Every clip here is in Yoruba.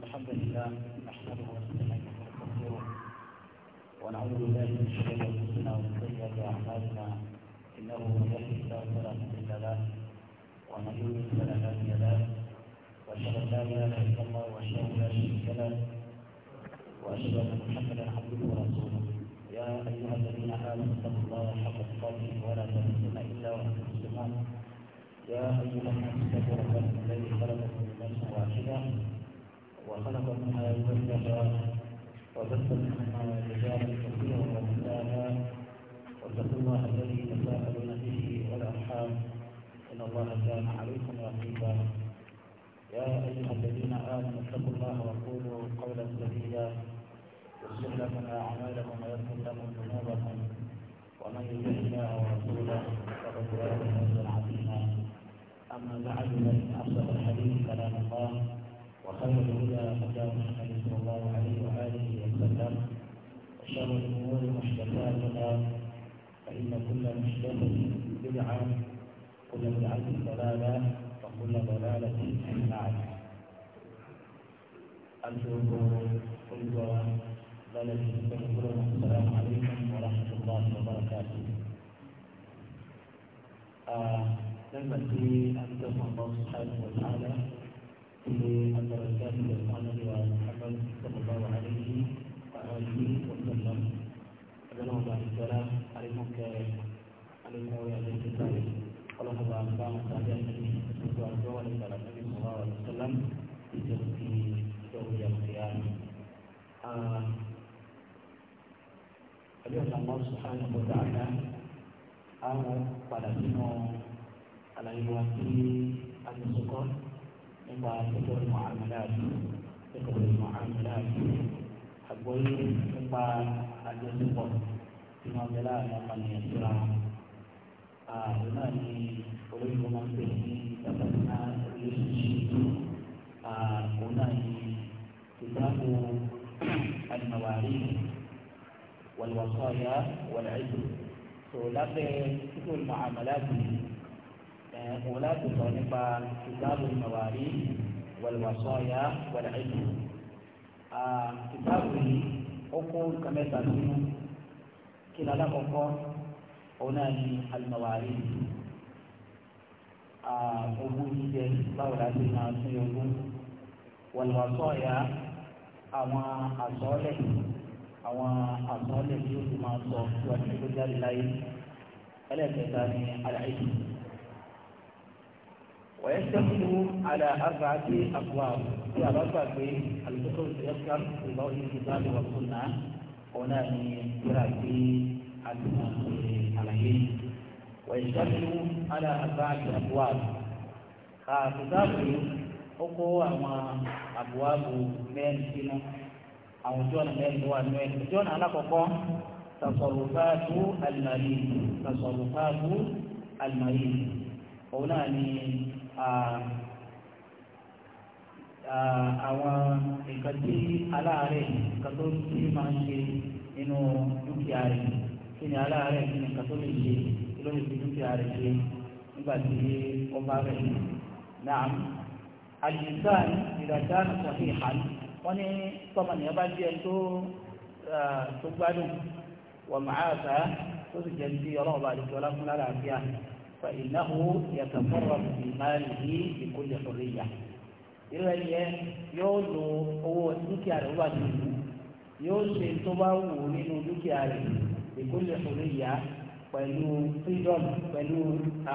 الحمد لله نحمده ونستعينه ونستغفره ونعوذ بالله من شرور أنفسنا ومن سيئات أعمالنا إنه من يهده الله فلا مضل له ومن يضلل فلا هادي له وأشهد أن لا إله إلا الله ان لا شريك له وأشهد أن محمدا عبده ورسوله يا أيها الذين آمنوا اتقوا الله حق تقاته ولا تموتن إلا وأنتم مسلمون يا أيها الناس اتقوا ربكم الذي خلقكم من نفس واحدة وخلق منها زوجها وبث منها رجالا كثيرا ونساء واتقوا الله الذي تساءلون به والارحام ان الله كان عليكم رقيبا يا ايها الذين امنوا اتقوا الله وقولوا قولا سديدا يصلح لكم اعمالكم ويغفر لكم ذنوبكم ومن يطع الله ورسوله فقد فاز فوزا عظيما اما بعد فان اصدق الحديث كلام الله وخير الهدى هدى محمد صلى الله عليه وآله وسلم وشر الأمور محدثاتها فإن كل محدثة بدعة كل بدعة ضلالة وكل ضلالة في النار أرجوكم كل ضلالة السلام عليكم ورحمة الله وبركاته لما في أن تفهم الله سبحانه وتعالى antara Allah dan Nabi Muhammad sallallahu alaihi wa alihi wasallam. Adalah dari salam alaikum ke alaikum ya dari kita. Allah Taala mengajar kami untuk berdoa dan salam Nabi Muhammad sallam di jati jauh yang kian. Adalah Allah Subhanahu wa Taala. Allah pada semua alaihi wasallam. Ada sokong nípa fíkọ̀ muamalat fíkọ̀ muamalat àgbọ́yé nípa àjọṣepọ̀ tí wọ́n bẹ láàrin apànìyàn síra wọn. àwọn náà ni olóyìnbó máa ń pè ní ìdàgbàsíná relationship àwọn náà ni kitabu al-mawarith wal wasaya tó lábẹ́ fíkọ̀ muamalat yìí òun láti sọ nípa kìtàbù màwárí wàlúwàsọ́yà wàlúwàsọ́yà kìtàbù yìí ó kó nǹkan mẹ́ta sínú kí lọ́la kọ̀ọ̀kọ́ òun náà ní alimawari ogún jíjẹ báwo la ti máa tún ogún wàlúwàsọ́yà àwọn àsọ́ọ́lẹ̀ àwọn àsọ́ọ́lẹ̀ tí ó ti máa sọ tí wọ́n ti kó jáde láyé ẹlẹ́kẹ̀ẹ́ta ní aláìsí. ويشتمل على أربعة أقوال في أربعة الكتب يذكر في ضوء الكتاب والسنة هنا في قراءة عليه ويشتمل على أربعة أبواب كتابه أقوى أبواب من سنة أو جون من هو من جون على تصرفات المريض تصرفات المريض هنا àwọn nǹkan tí aláàárẹ̀ nǹkan tó ti máa ń ṣe nínú dúkìá rẹ̀ kí ni aláàárẹ̀ kí ni nǹkan tó lè ṣe kí ló lè fi dúkìá rẹ̀ ṣe nígbà tí ó bá rẹ̀ náà. àdìsán ìdàgbàsán kọ̀ọ̀tì ìhàn wọ́n ní tọ́mọnìyàn bá jẹ́ tó tó gbádùn wọ̀ màá ta tó sì jẹ́ ti ọlọ́run bá àdìsán ọlọ́run lára àbíyá. فإنه يتصرف في ماله بكل حرية ìrẹ̀ yẹ yóò lo owó dúkìá rẹ̀ wà nínú yóò ṣe tó bá wù ú nínú dúkìá rẹ̀ ìkólè òrìyà pẹ̀lú freedom pẹ̀lú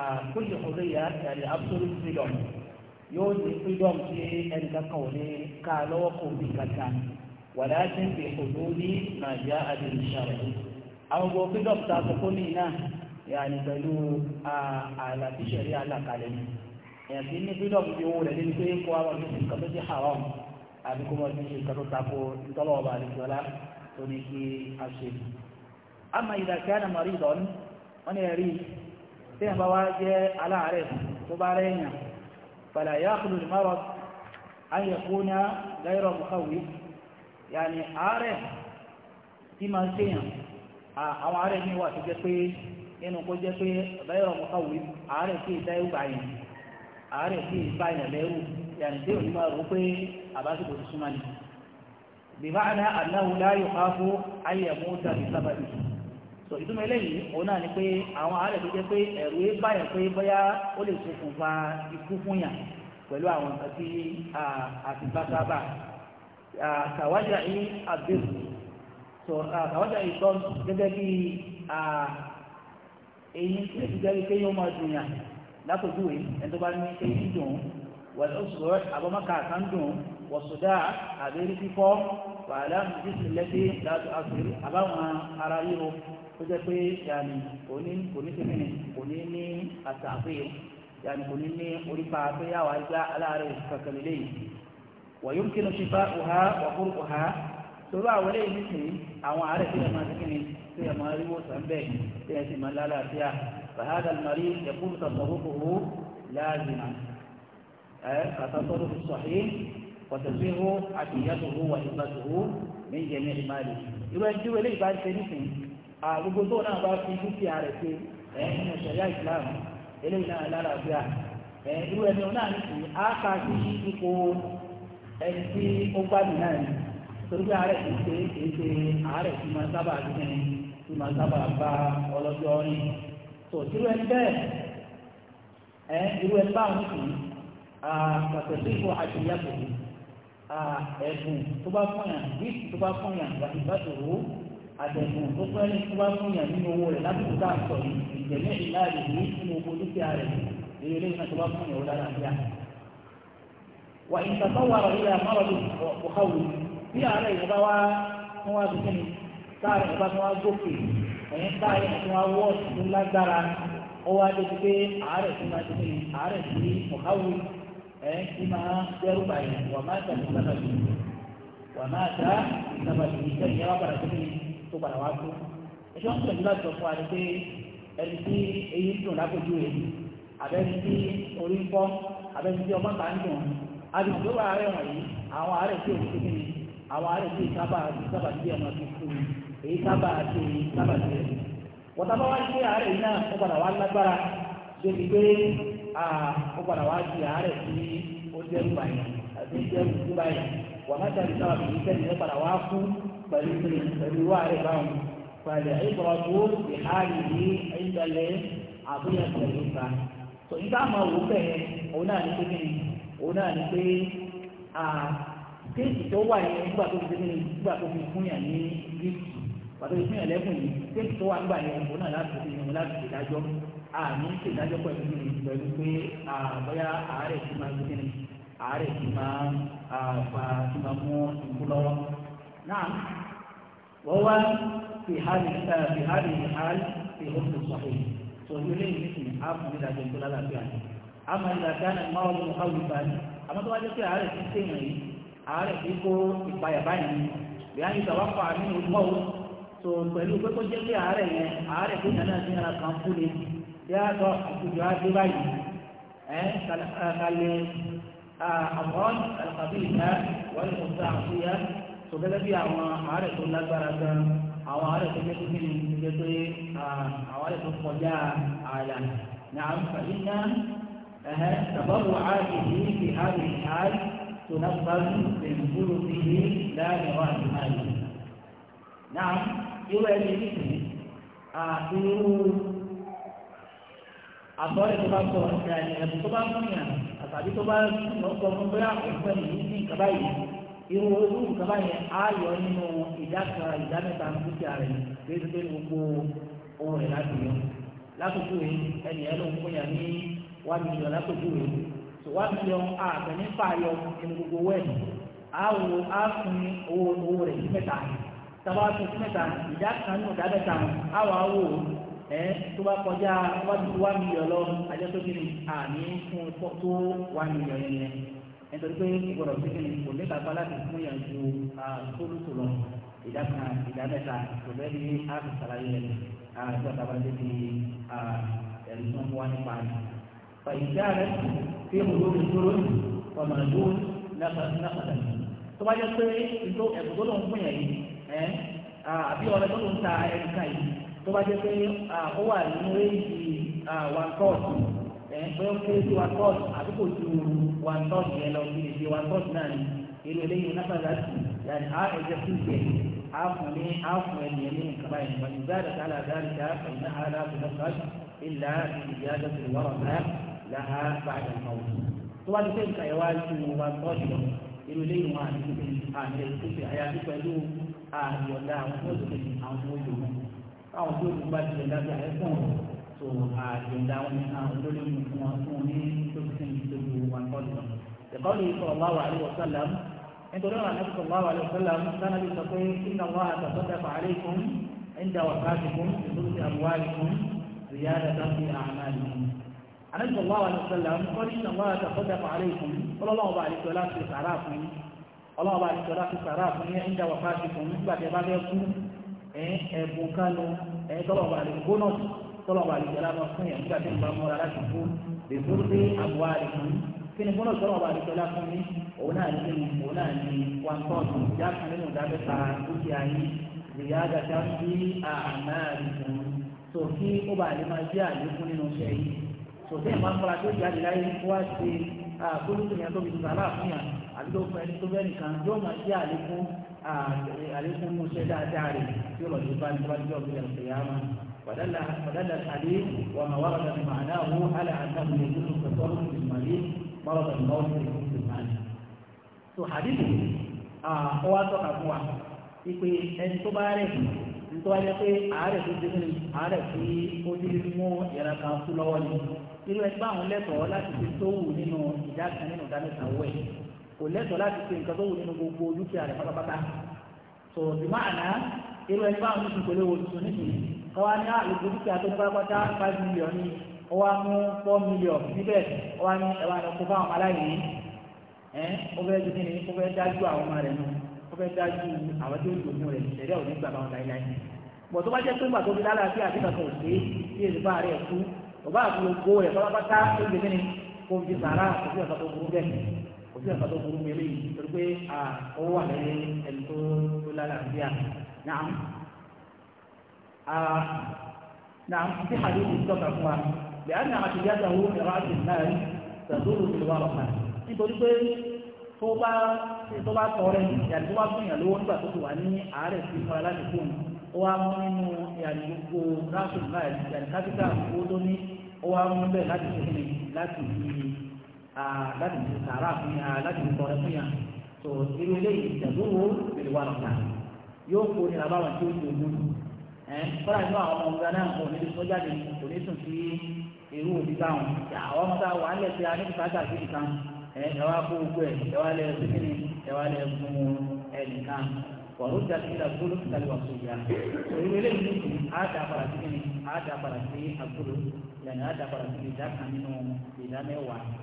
àkólè òrìyà àti absolute freedom yóò ṣe freedom tí ẹnìkan kan ò ní ká lọ́wọ́ kò bí kankan wàdà tí ń fi òdòdó ní nàìjíríà àti ìṣàlẹ̀ àwọn gbogbo freedom tá a sọ fún mi náà yàní pẹ̀lú ààlà tí sẹ̀rí alákalẹ̀ ni èèyàn ti ní fídọ̀mù tí owó rẹ̀ lé ní pé kó wá wọn fi nǹkan tó ti haram àbí kó wọn fi ṣe nǹkan tó tako ìtọ́lọ̀ ọba àlejòọlá tó ní kí a ṣe. àmọ́ ìdá kí á nà mọ̀rí ìdọ́nù wọ́n ní ẹ̀rí tí ẹ̀ bá wá jẹ́ aláàárẹ̀ tó bá rẹ̀ yàn fàlà yà kúlù ní márọ̀ ayé kúnà gáírọ̀ mùkàwé yàní àárẹ̀ tí máa ń ṣèyàn àwọn àárẹ̀ ní wà tó jẹ́ pé nínú kó jẹ́ pé ọ̀bẹ́rẹ̀ ọmọkà wí àárẹ̀ sí ìta ẹ̀rù báyìí àárẹ̀ sí ìta ìyàn lẹ́rù yàrá tí òní máa rò pé àbásìkò ti súnmọ́ ni. bìbá àná àdáwò láàyò ká fún ayẹ̀mú tàbí sábàbí. sọ ìtumọ̀ eléyìí òun náà ni pé àwọn àárẹ̀ tó jẹ́ pé ẹ̀rù yé báyàn pé bóyá ó lè ṣokùnfà ikú fún yàn pẹ̀lú àwọn nǹkan tí àtìgbà sábà kàwájà yìí àbẹ̀rù kàwájà yìí tọ́ gẹ́gẹ́ bí èyí tí èyí jẹ́ pé yóò máa dùn yàn lápòjúwe ẹni tó bá ní pé yín dùn wọ́n ó sọ àbọ̀mọ́kà kan dùn wọ́n sọdá àbẹ̀rẹ̀ fífọ́ wàhálà jísìn lẹ́sí láti àṣírí àbáwọn ara ríro tó jẹ́ pé yàní kò ní kò ní sẹ́mi kò ní ní yàní kò ní orípa pé yàwá gbá aláàárẹ̀ kankan lélẹ́yìn wọ̀nyí ń kí ni ṣífà òhà wọ̀kúrò òhà torí àwọn eléyìí nísìnyí àwọn àárẹ̀ tí wọ́n máa ti kí ni tí ẹ máa rí wòsàn bẹ́ẹ̀ tí ẹ sì máa lálàáfíà fàhádà mari ẹkún tàbọ̀kòkòrò láàzìmà ẹ kàtàkọ́rọ̀ fi sọ̀hí pọ̀tẹ̀síhó àtìyàtòhó wà ìgbàtòhó ní ìjẹ̀mí ìmáàlì irú ẹni tí wọlé ìbá ṣe nísìn àgbogbo tó náà bá fi dúkìá rẹ̀ ṣe ẹ nínú ṣẹ̀yà ìsìláàmù eléyìí náà lálàáfíà ẹ irú ẹni náà nísìn á kà pé àárẹ̀ kìí ṣe àárẹ̀ kìí máa sábà dúkìá tí màá sábà bá ọlọ́jọ́ rí tó irú ẹ bẹ́ẹ̀ ẹ irú ẹ bá òun sì pàtẹ́ sí ipò àṣeyàtọ̀ ẹ̀bùn tó bá fún yàn bí tó bá fún yàn láti bá tòwó àtẹ̀gùn tó fẹ́ ní tó bá fún yàn nínú owó rẹ̀ láti kúta sọ ìjẹ̀lẹ̀ ìlàrí ní inú owó dúkìá rẹ̀ èyí lè ní tó bá fún yàn ó dára bíà. wà ìtàkọ́wà rẹ̀ yà má wà lóko ọ̀kọ́wò táàrin ọba tí wọ́n gòkè ẹ̀yìn táàrin tí wọ́n wọ́ ọ̀sùn lágbára ó wá dé pé àárẹ̀ tí máa dín ní àárẹ̀ tí ọ̀háwù ẹ̀ tí máa dẹ́rù báyìí wà máa tà ní sábàbí wà máa tà ní sábàbí ìjẹ́ni yàrá padà tó ní tó padà wá kú. ẹ̀ṣọ́ ń pẹ̀lú láti sọ fún wa ni pé ẹni tí eyín dùn lápòjú rẹ̀ àbẹ́ni tí orí ń fọ́ àbẹ́ni tí ọmọ kan dùn àdùnkú àwọn ará ìlú sábà sábà sí ẹ̀mọ́ ti kú èyí sábà sí sábà sí ẹ̀. wọ́n sábà wá sí àárẹ̀ yìí náà ó padà wá lágbára débi pé ó padà wá sí àárẹ̀ sí ó dẹ́rù báyìí àti dẹ́rù tó báyìí wọ́n má sáré sábà sí ìfẹ́ ìfẹ́ padà wá kú pẹ̀lú pẹ̀lú wá rẹ̀ báwọn pẹ̀lú ìbọ̀rọ̀ tó nìyí ìdálẹ̀ àbúyẹ̀sẹ̀ ìgbà téèkì tó wà yẹn nígbà tó fi dénú nígbà tó fi fún yàn ní gíìtì pàtó fi fún yàn lẹ́kùn yìí téèkì tó wà nígbà yẹn òun náà láti fi yàn láti fi dájọ́ àmì ìṣèdájọ́ pẹ̀lú mi pẹ̀lú pé àbọ̀yá àárẹ̀ ti máa gbé ní àárẹ̀ ti máa fa ti máa mú ìkú lọ́wọ́. náà wọ́n wá fi hali fi hali hali fi hóṣù sọ̀rọ̀ yìí sọ̀rọ̀ ilé yìí sì á fún mi dájọ́ ìtọ́lá lábẹ́ àná. àmọ́ ìlà dáná máa wọ́n mú káwé báyìí àmọ́ tó wá jẹ́ pé àárẹ̀ ti sèyàn yìí àárẹ̀ tí kó ìpayà báyìí ni bíyà ní ìtàwáfà ní olùkọ́ o tó pẹ̀lú pé kó jẹ́ pé àárẹ̀ yẹn àárẹ̀ tó yàn náà ti yàrá kan fún ni bíyà tó àtúntò adé báyìí ẹ̀ kàlẹ́ àwọn àlùkàbí ìta wọ́n yóò fún àṣeyá tó gẹ́gẹ́ bí àwọn àárẹ̀ tó lágbára gan àwọn àárẹ̀ tó gẹ́gẹ́ bí gẹ́gẹ́ pé àwọn àárẹ̀ tó kọjá àyà ní àǹfààní náà ẹ̀hẹ́ tàbá wọ àárẹ̀ تنفذ من جلده لا لغاية ماله نعم irú ẹni nìyí àtúrú àtọ́rẹ́ tó bá sọ ẹni ẹ̀bùn tó bá ń yàn àtàbí tó bá lọ sọ fún bóyá ọ̀pẹ yìí ní nǹkan báyìí irú ojú nǹkan báyìí á yọ nínú ìdá kan ìdá mẹ́ta dúkìá rẹ̀ lórí pé gbogbo ohun rẹ̀ tó wá sí ọ àgbẹ̀ nípa ayọ̀ ẹnu gbogbo wẹ̀ àwọ̀ àfin owó owó rẹ̀ sí mẹ́ta sábà tó sí mẹ́ta ìdá kan nù dábẹ́ta àwọ̀ àwọ̀ ẹ tó bá kọjá wọ́n ti wá mílíọ̀ lọ ajẹ́sókiri àní fún tó wá mílíọ̀ yẹn yẹn nítorí pé ìgbọ̀dọ̀ sí kí ni kò ní kápá láti fún yàn ju àtúntò lọ ìdá kan ìdá mẹ́ta kò bẹ́ẹ̀ ni a fi sàlàyé rẹ̀ àgbàdàbà débi ẹ̀rí tó ń wá nípa rẹ̀. فإن كانت في حدود الثلث وما دون نفذا tó bá jẹ́ pé ìlú ẹ̀bùn tó lóun fún yẹn yìí ẹ́ àbí ọ̀rẹ́ tó lóun ta ẹ̀ka yìí tó bá jẹ́ pé ó wà nínú èyí one third ẹ̀ pé ó kéré sí one third àbí ju one third yẹn lọ sí ìdí one third náà ni èrò eléyìí onáfàdà sí yàrá á fún ìjẹ́ àfún ní àfún ẹ̀mí nǹkan báyìí wọ́n ti gbá àdàkálà àdáríkà ìnáhàrá àbúdàkà ìlà ìdíyàdàkùn wọ́rọ̀ náà làhá bàdà mọ́wọ́ tó bá ti pé nǹkan ẹ̀wá ju wa gbọ́dọ̀ irú ilé ìwọ̀n àti àmì ìkúfẹ̀ àyàfi pẹ̀lú àyọ̀dá àwọn tó ti àwọn tó lò wọn káwọn tó lò bá tilẹ̀ dábẹ́ ẹ̀fọ́n tó àyọ̀dá àwọn àwọn tó lè mú wọn fún ní tó ti sìn tó lò wọn gbọ́dọ̀ ẹ̀kọ́ lè sọ ọ̀bá wà ní wọ́sálàm nítorí àwọn àti sọ ọ̀bá wà ní wọ́sálàm sanabi sọ pé iná wà àtàtọ́jà fàálẹ̀ fún ẹ̀ńdà wà káàkiri fún ìdúró ànábì sallallahu alaihi wasallam ń kọ́ ní ìtàn wọ́n àtàkọ́dàpọ̀ àlẹ́ ìkùn ọlọ́wọ́ bá àlejò láti sàrà fún yín ọlọ́wọ́ bá àlejò láti sàrà fún yín ẹ̀ńdà wàfà ti fún nígbà tẹ́ sòtẹ́ ẹ̀ máa ń fara tó jáde láyé wá ṣe àkólóso yẹn tó fi tó sàrà fún yàn àbí tó fẹ́ tó fẹ́ nìkan yóò máa jẹ́ àlékún àlékún mọ́ṣẹ́ dáadáa rẹ̀ tí ó lọ sí bá nípa ọ̀gbìn ẹ̀sẹ̀ yá máa ودل الحديث وما ورد في معناه على انه يجوز التصرف في المريض مرض الموت في المال. تو حديث nítorí wáyé pé àárẹ̀ tó dé nínú àárẹ̀ tí ó dé mú ìyára kan kú lọ́wọ́ ni irú ẹni báwọn lẹ́tọ̀ọ́ láti fi tó wù nínú ìdá kan nínú ìdá mẹ́ta wẹ̀ kò lẹ́tọ̀ọ́ láti fi nǹkan tó wù nínú gbogbo dúkìá rẹ̀ pátápátá tó ìmọ̀ àná irú ẹni báwọn ní ìpele wo tuntun nìyí kọ́wá ní àlùkò ah, dúkìá tó ní pátápátá five million ní ọwá mú four million níbẹ̀ ọwá ní ẹ̀wà àdókò fáwọn aláìní ẹ̀ ó fẹ́ fẹ́ dájú àwọn tó ń lò fún rẹ̀ ìṣẹ̀lẹ̀ òní gbà bá wọn láíláí bọ̀ tó bá jẹ́ pé ń gbà tó fi lálàáfíà àti kàkọ́ òṣè bí èdè bá rẹ̀ kú bàbá àti gbogbo rẹ̀ pátápátá ó gbé kí ni kó fi sàárà kò sí ọ̀sán tó burú bẹ́ẹ̀ kò sí ọ̀sán tó burú mi rí torí pé ó wà lẹ́yìn ẹni tó tó lálàáfíà náà náà ti hàdí ìtọ́ka fún wa bẹ́ẹ̀ ni àti yàtọ̀ tó bá tó bá tọ́ rẹ̀ ìyàtí wá fún ìyàn lówó nígbà tó ti wà ní àárẹ̀ sí fún aláti fóònù ó wá mú nínú ìyàtí gbogbo ráṣùn báyìí ìyàtí kápítà owó tó ní ó wá mú bẹ́ẹ̀ láti fún mi láti fi láti fi sàárà fún yàn láti fi tọrẹ fún yàn tó irú eléyìí ìjàdó wo lè wà lọ́ta yóò kó ní abáwọn tí ó ti ògùn ẹ fọlá nínú àwọn ọmọ ọmọ náà kò ní sọjá lè kò ní sùn sí irú òbí ẹ wá kó gbogbo ẹ ẹ wá lẹ ẹsẹkẹni ẹ wá lẹ fún ẹnìkan wàhùn jáde ní agbolo kálí wàhùn ìyá òyìnbó eléyìí ní ti á dà padà sí kíni á dà padà sí agbolo yàrá á dà padà sí ìdá kan nínú ìdá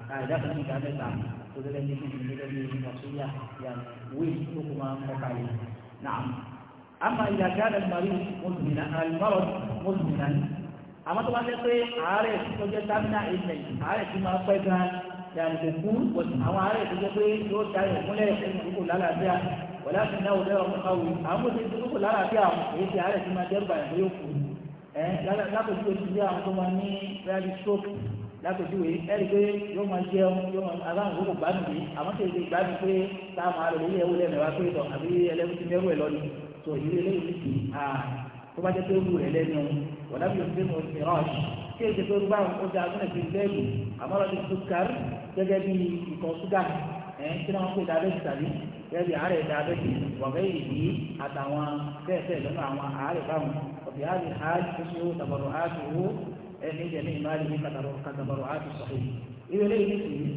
ká ìdá nínú ìdá mẹ́ta tó lé lẹ́yìn ní ìdílé lẹ́yìn ní wàhùn ìyá yàrá wíì tó kó máa ń kọ́ka yìí náà àmà ìyá gáàdà mari mùsùlùmí alimọ́rọ̀ mùsùlùmí àmọ́ tó bá lẹ́ àárẹ̀ tó jẹ́ támínà ilẹ̀ àárẹ̀ tó máa pẹ́ gan-an yàtọ̀ fún àwọn ará ètò jẹ́ pé yóò da ìmúlẹ̀ ẹ̀sìn ìdókò lálàáfíà wọ̀lá fi náwó lẹ́wọ̀ mọ́ káwé àwọn tó ti dókò lálàáfíà èyí ti àárẹ̀ ti máa dẹ́rù bàyà pé yóò kú ẹ̀ lápòjú oṣù bí àwọn tó máa ní rẹ́ẹ̀lì stroke lápòjú wẹ̀ ẹ̀rí pé yóò máa jẹun yóò máa aláwọ̀ gbogbo gbádùn yìí àwọn tó ti gbádùn pé táwọn ará lórí ẹ̀wọ̀ lẹ́nu wá pé tọ̀ àbí ẹlẹ́kùn ti mẹ́rù ẹ̀ lọ́ni tó ìlú eléyìí ti tó bá jẹ́ pé ó wù rẹ̀ lẹ́nu wọ̀lá fi òṣèlú ìrọ̀ṣì kí èsì pé ó bá òun ó da agbóhùn ẹ̀sìn bẹ́ẹ̀lì àmọ́ gẹ́gẹ́ bí ìtọ̀ ṣúgà ẹ̀ kí wọ́n pè diabetes tàbí gẹ́gẹ́ bí àárẹ̀ diabetes wọ̀gẹ́ ìdí àtàwọn bẹ́ẹ̀ lọ́nà àwọn àárẹ̀ báwọn ọ̀bí àárẹ̀ àárẹ̀ tó ṣe ó tàbọ̀rọ̀ àárẹ̀ owó ẹni jẹ̀mí ìmáàlì ní kàtàbọ̀rọ̀ àárẹ̀ sọ̀rọ̀ ìwé lẹ́yìn ní sí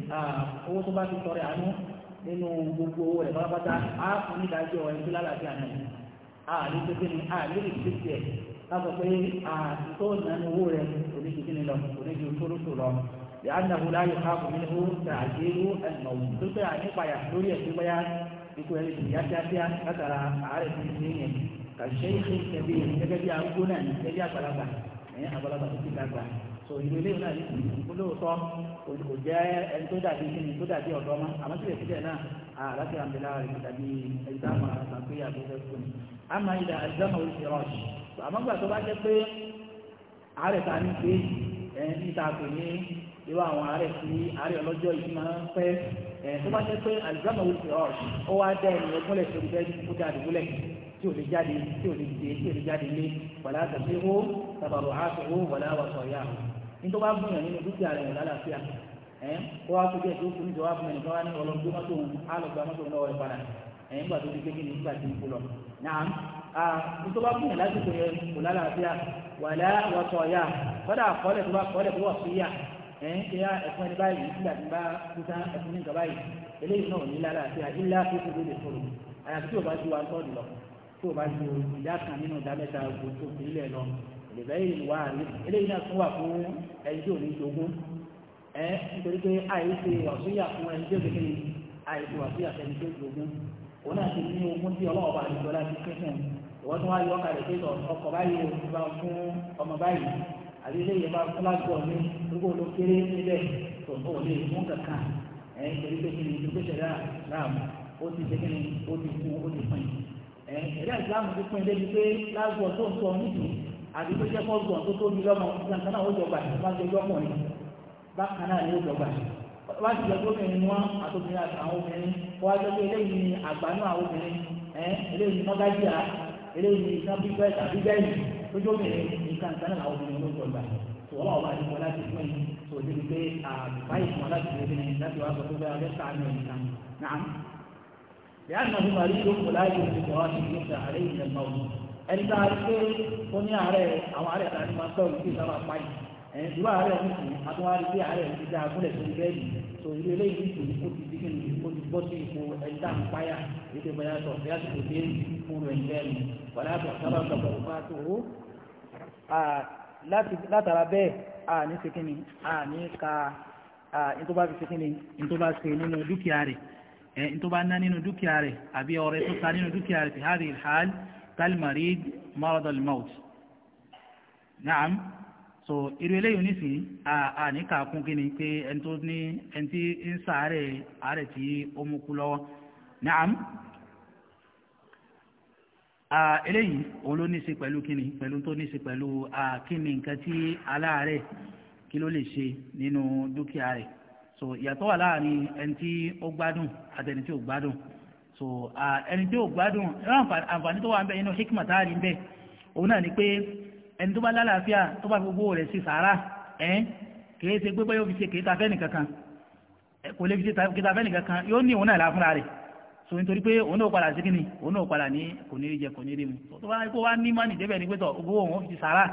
owó tó bá ti tọrẹ àánú nínú gbogbo owó rẹ̀ pátápátá á fún ní ìdájọ́ ẹni tó lálàáfíà náà ààrẹ tó kéde ààrẹ lè ti tiẹ̀ ká sọ pé àtúntò ìnáwó لأنه لا يخاف منه تعجيل الموت تطلع نقع يحضر يتبع يكون يتبع فترى عارف الدين كالشيخ الكبير يجب أن يكون يجب أن يكون àbọ̀lábà tó ti dàgbà so ìlú ilé náà ní olóòótọ́ kò jẹ́ ẹni tó dàbí kíni tó dàbí ọ̀dọ́ mọ́ àmọ́ síbẹ̀ síbẹ̀ náà àláti àmìlá rẹ̀ kò dàbí ẹ̀dáàmù àtàkùn ìyá tó fẹ́ fún mi àmọ́ irú àwọn àárẹ̀ sí àárẹ̀ ọlọ́jọ́ yìí máa ń pẹ́ ẹ̀ tó bá jẹ́ pé àlùbámà wò ti ọ̀ṣ ó wá dá ènìyàn gúnlẹ̀ tó ti bẹ́ẹ̀ kó jáde gúnlẹ̀ tí ò lè jáde tí ò lè dìde tí ò lè jáde lé wàlá àtàkì ó tàbàrò àṣọ ó wàlá wàṣọ ìyá nítorí wàá gbìyànjú nínú dúkìá rẹ̀ lálàáfíà ẹ̀ ó wá tó bí ẹ̀sùn fún ìjọba fún ẹ̀ nígbà tó ti gbé a nítorí wàá gbìyànjú lásìkò yẹn kò lálàáfíà wàlá wàṣọ ìyá kọ́dà kọ́lẹ̀ tó bá kọ́lẹ̀ ẹ̀yìn pé á ẹ̀fún ẹni báyìí nígbà tí bá kú tán ẹ̀fún ní nǹkan báyìí eléyìí náà ní lára àti àìlá tó kú lóde sọ̀rọ̀ àyàfi tí o bá ju wa tọ́jú lọ tí o bá ju ìdá kan nínú ìdá mẹ́ta gbogbo ìpínlẹ̀ lọ ìlẹ̀fẹ́ yìí wà ní eléyìí náà tún wà fún ẹni tí ò ní jogún ẹ nítorí pé àìsè ọ̀sùnyà fún ẹni tí ó kékeré àìsè ọ̀sùnyà fún ẹni tí ó jogún òun náà ti ní ogún tí ọlọ́wọ́ bá ti gbọ́dá ti pín fún ìwọ́n tún wá yọ ọkà rẹ̀ pé ọkọ̀ báyìí ó ti bá fún ọmọ báyìí àbí ilé yẹn bá fúlágbọ̀ ní gbogbo ló kéré níbẹ̀ tó ń bọ̀ lé fún kankan ẹ̀ ń torí pé kíni ìdúgbò ṣẹlẹ̀ láàmú ó ti ṣe kíni ó ti kú ó ti pín ẹ̀ ẹ̀rẹ́ ìsìlámù ti pín débi pé lágbọ̀ tó ń sọ nídìí àbí tó jẹ́ fọ́gbọ̀n tó tóbi lọ́mọ kankan náà ó jọ gbà wá jọ gbọ́pọ̀ ni bákan náà ni ó jọ gbà wá ti jọ gómìnir wọn àtòmìnir àwọn obìnrin wọ́n á jọ pé eléyìí lójú obìnrin nǹkan kan náà àwọn obìnrin ló gbọgbà tòwọ́ ọba àti wọn láti fún yìí tó o débi pé àbáyé fún wọn láti fún yìí láti wá sọ pé bẹ́ẹ̀ ọjọ́ sáà ní ọ̀nì kan náà. ìyá àná fún màrí ló kò láyé oṣù tó wá sí ìlú ìta àárẹ̀ ìlẹ̀ mọ́ọ̀lù ẹni tá a rí pé ó ní àárẹ̀ àwọn àárẹ̀ tá a sọ̀rọ̀ sí ìta ẹ̀yìn ìlú ààrẹ ọ̀hún sì àtúwárí pé ààrẹ ọ̀hún ti dá agúnlẹ̀ tó ń bẹ́ẹ̀lì tó ìlú eléyìí ti kò ti di kí ni kò ti bọ́ sí ipò ẹ̀dá ìpáyà ètò ìpáyà sọ bí a ti kò dé fún rẹ̀ bẹ́ẹ̀lì wàlá àti ọ̀sára ọ̀gbọ̀n bá tó o. látara bẹ́ẹ̀ a ní ṣe kí ni a ní ka n tó bá fi ṣe kí ni n tó bá ṣe nínú dúkìá rẹ̀ n tó bá ná nínú dúkìá rẹ̀ àbí ọrẹ tó ta nínú dúkìá rẹ̀ fi hàrí ìhàl tálmàrí mọ́rọ̀dọ̀lmọ́t. Naam so irú eléyìí nísìnyí a ní ká kí ni pé ẹni tó ní ẹni tí ń sàárẹ̀ àárẹ̀ tí ó mú kú lọ́wọ́ naam eléyìí òun ló ní í ṣe pẹ̀lú kí ni pẹ̀lú tó ní í ṣe pẹ̀lú kí ni nǹkan tí aláàárẹ̀ kí ló lè ṣe nínú dúkìá rẹ̀ so ìyàtọ̀ wà láàrin ẹni tí ó gbádùn àti ẹni tí ò gbádùn so ẹni tí ò gbádùn ẹni àǹfààní tó wà ń bẹ nínú hikmata ń bẹ òun náà ni pé ẹni tó bá lálàáfíà tó bá fi gbogbo rẹ̀ sí sàárà ẹ̀ kìí ṣe pé bóyá ó fi ṣe kìí ta fẹ́ẹ̀nì kankan kò lè fi ṣe kìí ta fẹ́ẹ̀nì kankan yóò ní òun náà láfúnra rẹ̀ so nítorí pé òun náà padà sí kíni òun náà padà ní kò ní rí jẹ kò ní rí mu tó bá kó wá ní mánì débẹ̀ ní pé tọ̀ owó òun fi sàárà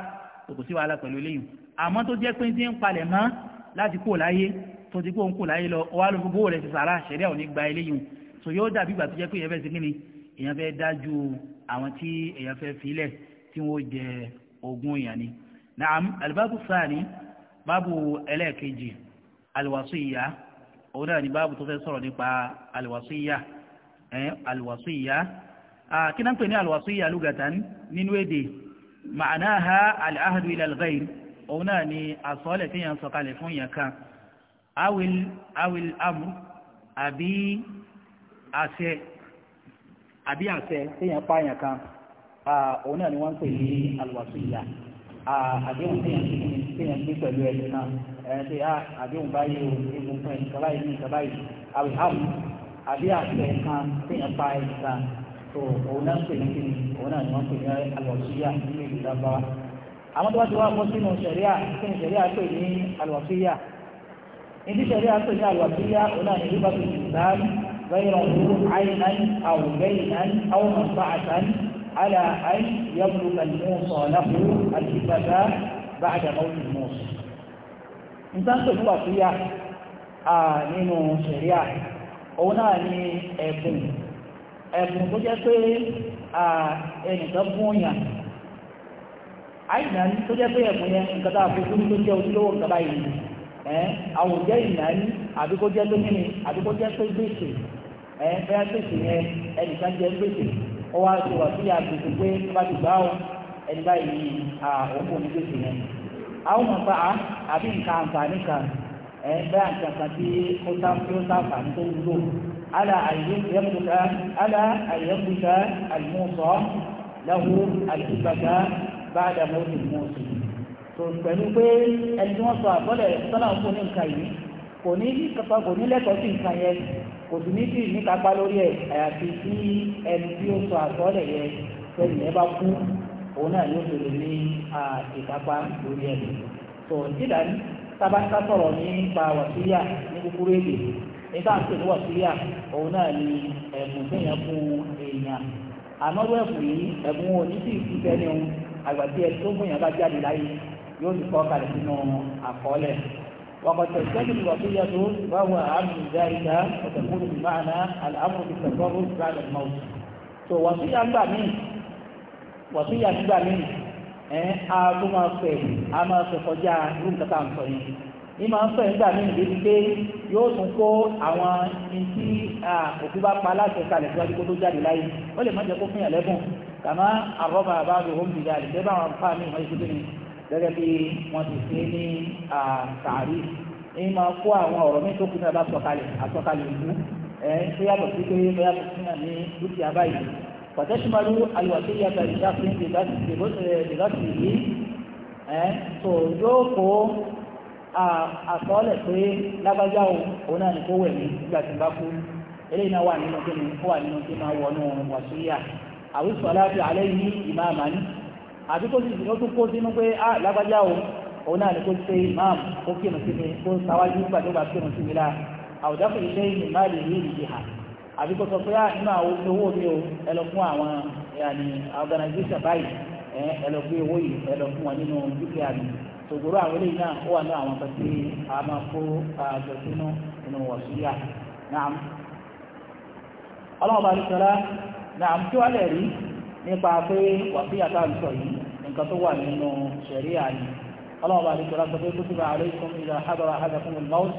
kò sí wàhálà pẹ̀lú eléyìí àmọ́ tó jẹ́ pé ti ń palẹ̀ mọ́ láti kó láyé tó ti kó ń kó láyé lọ wá ló gbogbo rẹ̀ ti sàárà ṣẹ̀ríà ò ní gba eléyìí so yóò dàbí ìgbà tó jẹ́ pé èèyàn fẹ́ sí kíni èèyàn fẹ́ dájú àwọn tí èèyàn fẹ́ filẹ̀ tí wọ́n jẹ ogún èèyàn ni naam alibabu sani báàbù ẹlẹ́ẹ̀kejì aliwasiya òun náà ni báàbù tó fẹ́ sọ̀rọ̀ nípa aliwasiya ẹ̀ aliwasiya kí náà ń pè ní aliwasiya lugatan nínú èdè ma'anaha al'ahadu ila al-ghayr òun náà ni àsọ̀ọ́lẹ̀ tí yẹn ń sọ̀kalẹ̀ fún awil awil amr àbí àṣẹ àbí àṣẹ tí yẹn pa òun náà ni wọ́n ń pè ní alùwàsíyà àdéhùn téèyàn gbé pẹ̀lú ẹni kan ẹni tí ah, àdéhùn báyìí o egun fún ẹni kọláyìí ní ìkàbá yìí àwẹ̀ hàmù ah, àbí àṣẹ kan téèyàn pa ẹni kan tó òun náà ń pè ní kíni òun náà ni wọ́n pè ní alùwàsíyà nínú ìlú lábáwá àwọn tó bá ti wá bọ́ sínú sẹ̀ríà kí ni sẹ̀ríà pè ní alùwàsíyà على أن يبلغ الموصى له الكتاب بعد موت الموصى nǹkan tó fún àfíyà nínú ṣẹ̀ríà òun náà ni ẹ̀bùn ẹ̀bùn tó jẹ́ pé ẹnìkan fún òyàn àìyàn tó jẹ́ pé ẹ̀bùn yẹn nǹkan tó àfikún tó jẹ́ ojúlówó nǹkan báyìí àwòjẹ́ ìyàn àbí kó jẹ́ tó kíni àbí kó jẹ́ pé gbèsè ẹ̀ bẹ́ẹ̀ gbèsè yẹn ẹnìkan jẹ́ gbèsè ó wá ṣe wà sí àgbègbè pé tó bá ti gbà ó ẹni báyìí àkókò ní gbèsè yẹn àwọn ọmọ bá àbí nǹkan àǹfààní kan ẹ bẹ́ẹ̀ nǹkan kan tí ó sá tí ó sá àǹfààní tó wúlò ala àyẹ̀kùtà ala àyẹ̀kùtà àlùmọ́sọ lẹ́hu àlùkùtà bá dàmọ́ òṣèlú tó pẹ̀lú pé ẹni tí wọ́n sọ àgbọ́lẹ̀ sọ́nà òkú ní nǹkan yìí kò ní lẹ́tọ̀ọ́ sí nǹkan yẹn kò sì ní sí ìníkapá lórí ẹ̀ àyàfi tí ẹni tí ó sọ àsọ́ọ̀lẹ̀ yẹ sẹ́yìn ẹ bá kú òun náà yóò tó lè ní ìkápá lórí ẹ̀ tó dídà ní tábàtà sọ̀rọ̀ nípa wàsíyà ní kúkúrú èdè nígbà tó ní wàsíyà òun náà ní ẹ̀bùn sẹ́yìn fún èèyàn àmọ́rú ẹ̀bùn yìí ẹ̀bùn wọn ní sí ìfúnfẹ́ ní ohun àgbàtí ẹ tó gbìyànjú bá jáde láyé yóò ti kọ́ kalẹ̀ sínú àkọọ́lẹ̀ وقد تستلم الوصية وهو أهم من ذلك وتكون بمعنى الأمر بالتصرف بعد الموت so wàsíyà ń gbà mí wàsíyà ń gbà mí ẹ a tó máa fẹ a máa fẹ kọjá irú nǹkan tá à ń sọ yìí ní máa ń fẹ nígbà mí níbi pé yóò tún kó àwọn ntí òkú bá pa aláṣẹ kalẹ̀ síwájú kó gẹ́gẹ́ bí wọ́n ti ṣe ní sàárì èyí máa kó àwọn ọ̀rọ̀ mi tó kú náà bá sọ̀kalẹ̀ àsọ̀kalẹ̀ ìlú ẹ̀ tó yàtọ̀ sí pé bóyá kò sí náà ní dúkìá báyìí pàtẹ́sìmọ́lú àyùwàsí yàtọ̀ ìdáfín dìbọ́sì yìí ẹ̀ tó yóò kó àsọ̀ọ́lẹ̀ pé lágbájá òun náà ní kó wẹ̀ mí nígbà tí n bá kú eléyìí náà wà nínú kí ni ó wà nínú kí máa wọnú wàsíyà àwísọ̀lá fi àlẹ́ yìí ìmáàmá àbí kó sì ní ó tún kó sínú pé á ah, lágbájá o òun náà ni kó ṣe imam kó kírun sí mi kó sáwájú gbàdúgbà kírun sí mi lá àwùjá kò ilé ìlú má lè rí ìdí hà àbí kó sọ pé á ah, nínú àwọn owó mi o ẹ lọ fún àwọn yàní organization báyìí ẹ lọ gbé owó yìí ẹ fún wọn nínú dúkìá mi tògbòrò àwọn eléyìí náà ó wà ní àwọn kan tí àjọ sínú nínú wàsíyà náà ọlọ́run bá náà tí wàá lẹ̀ rí nípa pé wàsíyà tá à ń sọ yìí nǹkan tó wà nínú ṣẹ̀ríà ni ọlọ́ọ̀bà àdìsọ láti pé kutiba alaykum idha hadara ahadakumul mawt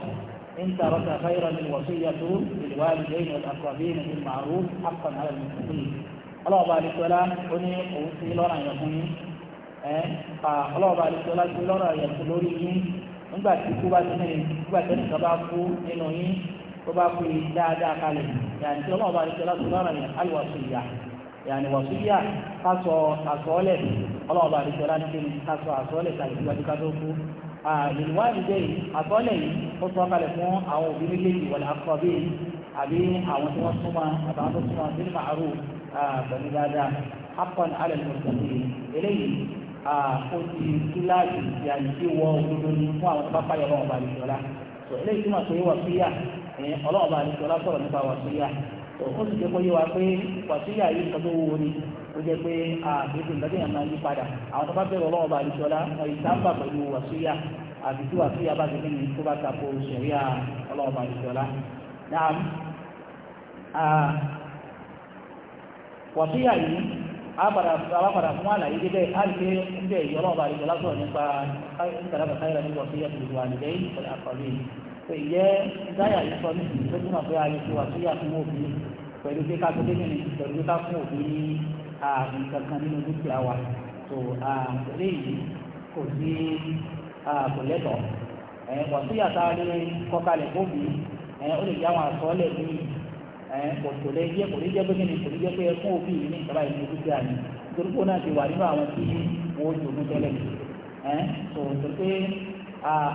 in taraka khayran al-wasiyyatu lil walidayni wal aqrabina bil ma'ruf haqqan 'ala al-muttaqin ọlọ́ọ̀bà àdìsọ lá ó ní òun sí lọ́rọ̀ yẹn fún yín ẹ́ ọlọ́ọ̀bà àdìsọ lá sí lọ́rọ̀ yẹn fún lórí yín nígbà tí kú bá tẹ́lẹ̀ nígbà tẹ́lẹ̀ kan bá kú nínú yín tó bá kú dáadáa kalẹ̀ yàtí ọlọ́ọ̀bà àdìsọ lá sí lọ́rọ̀ yẹn alwasiyya yàní wàsíyà kásọ àsọọ́lẹ̀ ọlọ́ọ̀bà àdìsọ́lá ní kí ni kásọ àsọọ́lẹ̀ tàbí síwájú ká tó kú àlùwádìí jẹ́ yìí àsọọ́lẹ̀ yìí ó sọ kalẹ̀ fún àwọn òbí méjèèjì wọlé akọbí àbí àwọn tí wọ́n súnmọ́ àtàwọn tó súnmọ́ sí màárù pẹ̀lú dáadáa akọni alẹ́ lọ́sọ̀tì eléyìí ó ti kíláàsì yàní tí wọ́ òdodo ní fún àwọn tó bá fàyọ̀ ọlọ́ọ̀bà àdìsọ́lá ó sì jẹ́ kó yé wa pé wàsíyà yìí nǹkan tó wúwo ni ó jẹ́ pé àbíkú nǹkan yàn máa yí padà àwọn tó bẹ̀rẹ̀ ọlọ́wọ́ bá àdìsí ọlá wọ́n pẹ̀lú wàsíyà àbí tí wàsíyà bá ti kíni tó bá tako sẹ̀ríà ọlọ́wọ́ bá yìí fún àlàyé ń bẹ̀ bá sọ̀rọ̀ nípa pé ìyẹ́ dáyà yìí sọ níbi tó túmọ̀ pé ayé ti wà sí àfihàn òbí pẹ̀lú pé ká tó dé nínú pẹ̀lú pé ká fún òbí ní nǹkan kan nínú dúkìá wa tó eléyìí kò sí kò lẹ́tọ̀ọ́ wà sí àtàrí kọkalẹ̀ fóbi ó lè jẹ́ àwọn àsọ́ọ́lẹ̀ bí kò tó lè jẹ́ kò ní jẹ́ pé kí ni kò ní jẹ́ pé fún òbí ní ìjọba ìlú dúkìá ni torí náà ti wà nínú àwọn tí wọ́n jòkó tẹ́lẹ̀ tó tó pé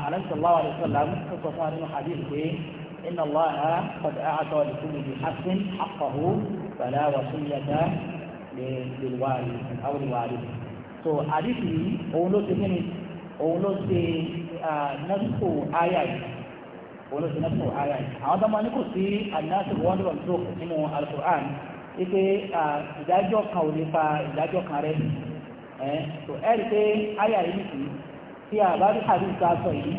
alẹ́sọ̀láwà alẹ́sọ̀lá tó sọ fún àdínú hadith pé iná lọ́ha kọ̀dọ̀ àtọ̀ lùkúlù bí hasin àpàhù pẹ̀lú àwọn tó yẹta lè wàlú àwọn ìwàlú. so hadith yìí òun ló ti kíni òun ló ti nọ́sùkù àyà yìí òun ló ti nọ́sùkù àyà yìí. àwọn tó máa ní kò sí àdínásì wọ́n dúró tó nínú alukur'an wípé ìdájọ́ kan ò lè fa ìdájọ́ kan rẹ̀ ẹ̀ eh, so ẹ̀rí pé àyà yìí nìkì tí a bá rí àdúgbò tá a sọ yìí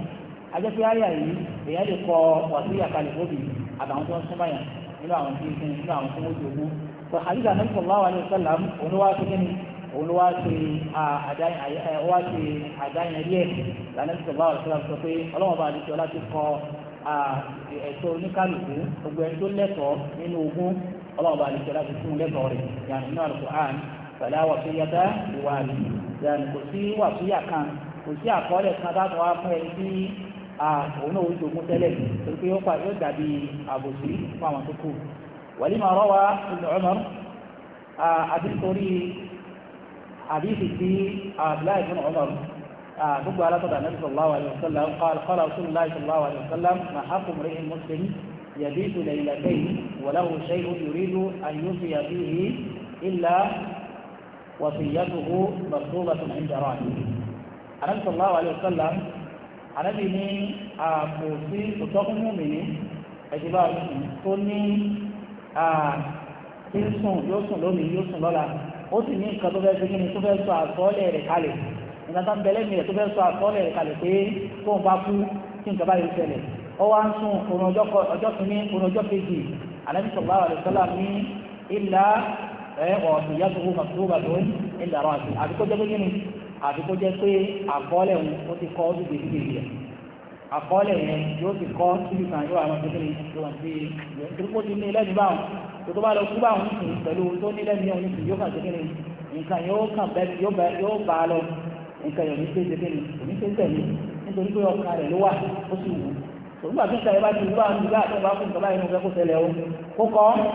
ajẹ́pẹ́ àyà yìí èèyàn lè kọ wàsí àkàlẹ̀ fóbi àtàwọn tó ń súnmọ́ yàn nínú àwọn tí ń nínú àwọn tó ń wojú ogún tó àdúgbò àti sallallahu alaihi wasallam òun wá sí kíni òun wá sí àdáyẹn rí ẹ̀ lànà sallallahu alaihi wasallam sọ pé ọlọ́wọ́n bá àdúgbò láti kọ ẹ̀tọ́ oníkálùkù gbogbo ẹni tó lẹ́tọ̀ọ́ nínú ogún ọlọ́wọ́n bá àdúgbò láti fún lẹ́tọ̀ọ́ rẹ̀ yàn nínú Al-Qur'an fala wasiyata liwali yàn kò sí wàsíyà kan kò sí àkọọ́lẹ̀ kan bá tún wá fún ẹni tí òun náà ń jogún tẹ́lẹ̀ tó pé ó pa yóò dàbí àbòsí fún àwọn tó kù wàlí máa rọ́wà ibn Umar àbí nítorí àdìsí sí Abdullahi ibn Umar gbogbo alátọ̀dà Nabi sallallahu alaihi wasallam qala Rasulullahi sallallahu alaihi wasallam ma haqqu imri'in muslim يبيت ليلتين وله شيء يريد أن يوصي فيه إلا وصيته مكتوبة عند راهب anábì sallallahu alaihi wasallam anábì ní ààbò sí òtọ́kùnmù mi ẹ̀jẹ̀ bá tó ní tí ń sùn yóò sùn lónìí yóò sùn lọ́la ó sì ní nǹkan tó fẹ́ fi kíni tó fẹ́ sọ àsọ́ọ́lẹ̀ rẹ̀ kalẹ̀ nǹkan tó ń bẹ̀lẹ́ mi rẹ̀ tó fẹ́ sọ àsọ́ọ́lẹ̀ rẹ̀ kalẹ̀ pé tóun bá kú kí nǹkan báyìí ṣẹlẹ̀ ó wá ń sùn ọjọ́ kìíní ọjọ́ kejì Ànábì sallallahu alaihi wasallam ní ilà ẹ̀ àti kó jẹ́ pé àkọọ́lẹ̀ òun ó ti kọ́ ọ́dún gbèsè rẹ̀ àkọọ́lẹ̀ yẹn yóò ti kọ́ síbi kan yóò àwọn kékeré ìṣòwòn sí ìgbésí kó ti ní lẹ́nu báwọn tó tó bá lọ kú báwọn sì pẹ̀lú tó ní lẹ́nu yẹn oníṣìí yóò kàn kékeré nǹkan yóò kàn bẹ́ẹ̀ yóò bá a lọ nǹkan yóò ní pé kékeré òní pé tẹ̀lé nítorí pé ọkàn rẹ̀ ló wà ó sì wù òun gbà tó ń tẹ̀lé bá ti wù báwọn nígbà tó bá kú nǹkan báyìí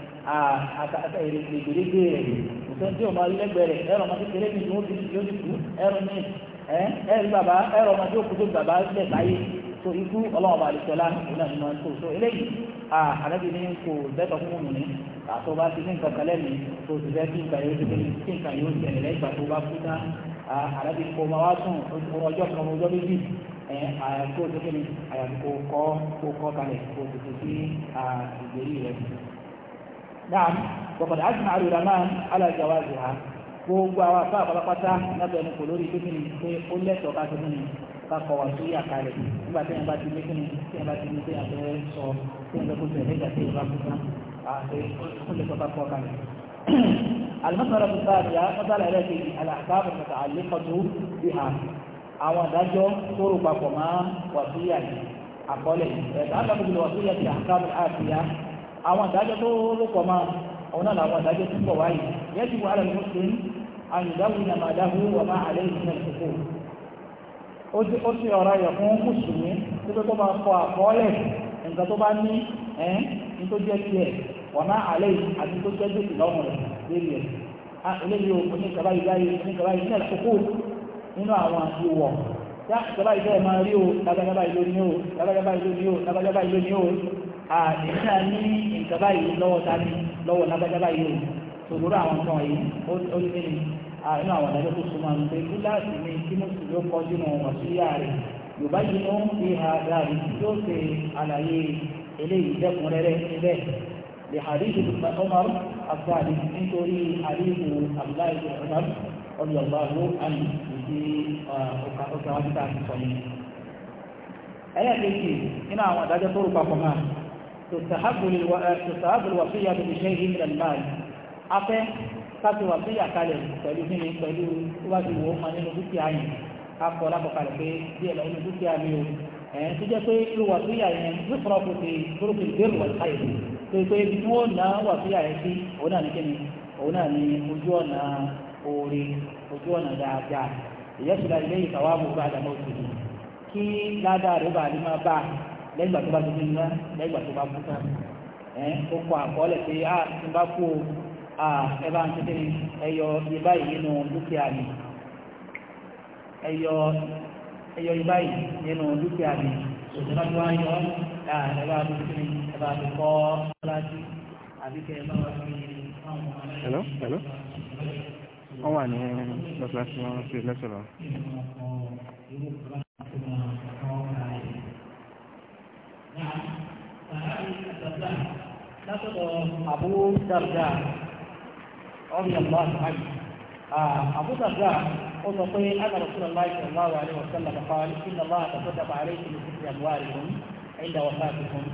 ìgbèdéke rẹ̀ kò sẹ́ni tí o máa rí lẹ́gbẹ̀ẹ́ rẹ̀ ẹ̀rọ ọmọ kékeré mi ni ó ti yóò ti kú ẹ̀rọ mi ẹ̀rí bàbá ẹ̀rọ ọmọ tí ó kú tó bàbá lẹ̀ báyé tó ikú ọlọ́run bá lè tọ́lá ìlànà ìmọ̀ tó so eléyìí àdábì ní kò bẹ́tọ̀ fún òun ní àtọ́ bá ti ní nǹkan kan lẹ́nu tó ti bẹ́ kí nǹkan yóò ti kí nǹkan yóò ti ẹ̀rẹ̀ ìgbà tó bá kú tán àdábì kò máa wá sùn ọjọ́ kan ọjọ́ méjì àyàkó tó kí náà wọ̀kọ̀dà ájùmá àrùrà náà alájàwájìá gbogbo àwọn afá àpapàpátá lábẹ́ ẹnu kò lórí pínpín pé ó lẹ́tọ̀ọ́ ká tóbi ní ká kọ wà sí àkàlẹ̀ nígbà tí wọ́n bá ti lé kí ni tí wọ́n bá ti ní pé àfẹ́ sọ tí wọ́n bẹ kó tẹ̀lé ìgbà tí wọ́n bá kú tán àti ó lẹ́tọ̀ọ́ ká kọ́ kalẹ̀. alimọ́sọ̀rọ̀ tó bá yà mọ́sálà rẹ̀ ti àlàkàbù kàtà àlékọ́tù bí ha àwọn àdájọ́ tó rò papọ̀ mọ́ wàsíyà àkọọ́lẹ̀ ẹ̀ka àwọn ìdájọ́ tó lókọ̀ máa àwọn náà làwọn ìdájọ́ tó ń bọ̀ wáyé yẹ́sì wà lẹ́nu mùsùlùmí àyùdáwù ní àmàdáwù wà máa àlẹ́ ìsinmi ìsìnkú ó ti ọ̀rọ̀ yẹ fún mùsùlùmí tó tó máa kọ àkọọ́lẹ̀ nǹkan tó bá ní ẹ̀ ní tó jẹ́ tiẹ̀ wà máa àlẹ́ àti tó jẹ́ gbèsè lọ́rùn rẹ̀ lérí ẹ̀ eléyìí o ní kaba yìí báyìí ní kaba yìí ní ẹ̀kọ́kọ́ nínú àwọn ìwọ̀ kaba yìí bẹ́ẹ̀ máa rí o lábẹ́lábá yìí lónìí o lábẹ́lábá yìí lónìí o lábẹ́lábá yìí lónìí o àdínà ní nǹkan báyìí lọ́wọ́ tani lọ́wọ́ lágbájá báyìí o tòwúrọ̀ àwọn kan yìí ó ní ní inú àwọn adájọ́ tó súnmọ́ àwọn pé kíláàsì ní kí mùsùlùmí ó kọjú nù wọ́n sí yá rẹ̀ yorùbá yìí ló ń fi ha dáàbì yóò ṣe àlàyé eléyìí dẹ́kùnrẹ́rẹ́ níbẹ̀ lè hadithu Umar asaadi nítorí hadithu Abdullahi Umar ọlọ́gbàgbọ́ àyè ìdí ọkà ọkà wọn ti ta nínú àwọn adájọ́ tó rú papọ̀ náà tòṣàhábù wàfíyà tó ṣe yìí mílẹ̀ báyìí afẹ́ káfí wàfíyà kalẹ̀ pẹ̀lú kíni pẹ̀lú tó bá ti wò ó ma nínú dúkìá yìí kakọ lápapàlẹ̀ pé díẹ̀ lọ nínú dúkìá mi o ẹ̀ tó jẹ́ pé irú wàfíyà yẹn ló fọ́rọ́ kò sí burúkú ìbéèrè wà láyé tó pé ibi tí wọ́n ná wàfíyà yẹn sí òun náà ní kíni òun náà ní ojú ọ̀nà oore ojú ọ̀nà dáadáa ìyẹ́sùn lẹ́gbà tó bá ti di ńlá lẹ́gbà tó bá kú tán ẹ̀ ó kọ àkọọ́lẹ̀ pé a ti bá kú a ẹ bá ń tètè ẹyọ ibà yìí nínú dúkìá mi ẹyọ ẹyọ ibà yìí nínú dúkìá mi òṣèlú bá ti wá yọ ẹ bá ti tètè ẹ bá ti kọ́ láti àbíkẹ́ ẹ bá wà ní àwọn ọmọ wọ́n wà ní lọ́sọ̀lọ́sọ̀ lọ́sọ̀lọ́ látọ̀dọ̀ Abu Darda ọ̀rẹ́ ọ̀gbọ́n àti Abu Darda ó sọ pé agbára fún ọlá ìṣẹ̀lá wà ní ọ̀sán làbàbà ìṣìn lọ́wọ́ àtàkọ́jà bàárẹ̀ ìṣẹ̀lẹ̀ ìṣẹ̀lẹ̀ àbúwá rẹ̀ fún ẹ̀yìn dáwọ́ sáà tó fún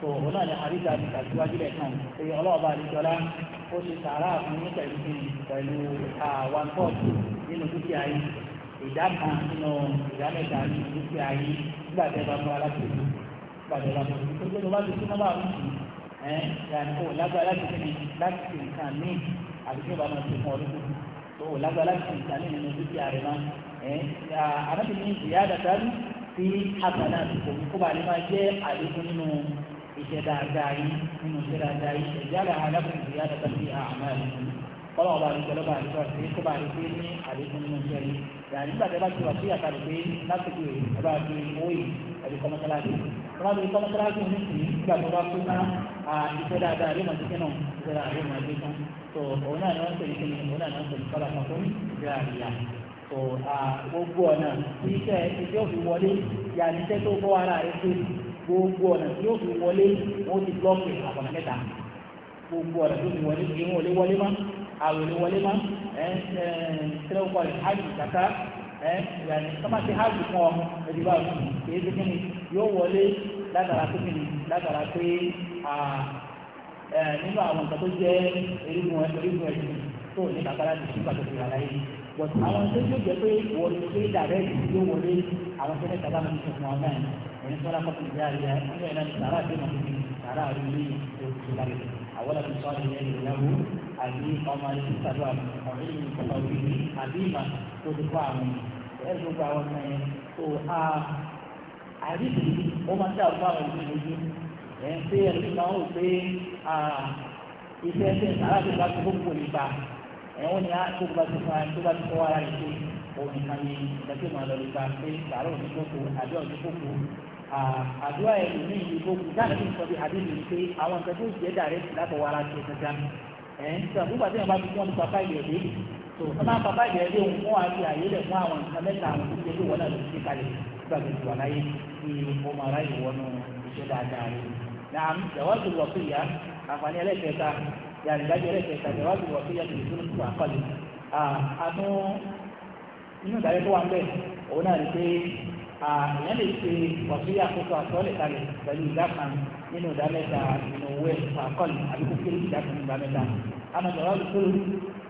tó òun náà ní àríjà àti ìtàsíwájú rẹ̀ kan èyí ọlọ́ọ̀bá àdìjọlá ó ṣe sàárà fún ní pẹ̀lú kí ni pẹ̀lú àwọn pọ́ọ̀tù nínú dúkìá yìí ìdá kan nínú ìdá mẹ́ta nínú dúkìá yìí nígbà tẹ́ bá mú aláṣẹ gbàdọ̀ làbọ̀ tó gbé lọ́wọ́ ti súnmọ́ báwọn ti ẹ̀ yàrá kó lágbára láti fi láti fi nǹkan míì àbí kí o bá máa ti fún ọdún tó o lágbára láti fi nǹkan míì nínú dúkìá rẹ̀ máa ẹ̀ àbábí ní ìyá dàda sí àbàlá àtìkò kó bá lè máa jẹ́ àlékún nínú iṣẹ́ dáadáa yìí nínú iṣẹ́ àbí kọ́mọ́sálásí tó bá ti di kọ́mọ́sálásí ní ìsìn nígbà tó bá kún náà iṣẹ́ dáadáa yóò máa ti kẹ́nà iṣẹ́ dáadáa yóò máa gbé tán tó òun náà ni wọ́n ń pè ní kíni òun náà ni wọ́n ń pè ní kọ́lá kan fún ìgbà àríyá tó gbogbo ọ̀nà tí iṣẹ́ iṣẹ́ òfin wọlé yà ní iṣẹ́ tó bọ́ ara rẹ̀ pé gbogbo ọ̀nà tí ó fi wọlé wọ́n ti blọ́ọ̀kì àbọ̀nà mẹ́ta gbogbo ọ̀nà tó fi wọlé ìwọ̀n olé wọlé mọ́ àwòrán wọlé mọ́ ẹ̀ ẹ̀ tẹ́lẹ̀ ẹ ìyàní tọ́mátì hajj fún ọ ẹ̀dí bá wù kí ẹ kíni yóò wọlé látara pé kíni látara pé nínú àwọn nǹkan tó jẹ́ erigun erigun ẹ̀sìn tó ní kàkàrà ti ṣùgbọ́n tó ti rà láyé but àwọn tó yóò jẹ́ pé wọ́n ṣe direct yóò wọlé àwọn tó ní kàkàrà ti ṣùgbọ́n àwọn náà ẹni tó lápá tó jẹ́ àríyá nínú ẹ̀ náà sàrà àti màmí sàrà àríyá yìí tó ti rà láyé àwọn àti sọ́ọ̀rì yẹn ìrìnàwó àbí ọmọ ẹni sàdúrà ọ̀rẹ́ yìí kọ̀ọ̀kan òbí àbí ìmà tó ti kọ́ àwọn ẹ̀ gbogbo àwọn ọmọ yẹn tó a àdìsí ó máa ń dà fún àwọn ìlú lójú ẹ̀ ń pé ẹ̀rí kan ó pé iṣẹ́ ẹ̀sẹ̀ aláàbò bá ti gbogbo nípa ẹ̀wọ̀n ni a tó bá ti fún tó bá ti fún ara rẹ̀ pé òun nìkan ni ìdájọ́ máa lọ nípa pé sàárọ̀ ní gbogbo àbí ọ̀dún gbogbo àdúrà ẹ̀rù ní ìlú gbogbo dáàbò ní sọ bí àdìsí ni pé ẹ̀ ń sọ nígbà tí wọ́n bá fi wọ́n ti pàpá ìlẹ̀ dé tó wọ́n máa pàpá ìlẹ̀ dé òun fún àti àyè lẹ̀ fún àwọn nǹkan mẹ́ta àwọn tó ṣe pé wọ́n náà ló ti kalẹ̀ nígbà tó ti wà láyé kí ó máa ráyè wọnú iṣẹ́ dáadáa rẹ̀. naam jawaazu wasiya àǹfààní ẹlẹ́kẹta yàrá ìdájọ́ ẹlẹ́kẹta èèyàn lè ṣe wàsíyà àkókò àtọ́lẹ̀ kalẹ̀ pẹ̀lú ìdá kan nínú ìdá mẹ́ta nínú owó ẹ̀ àkọlù àbíkú kéré ìdá kan nínú ìdá mẹ́ta àmọ́ ìjọba ló tó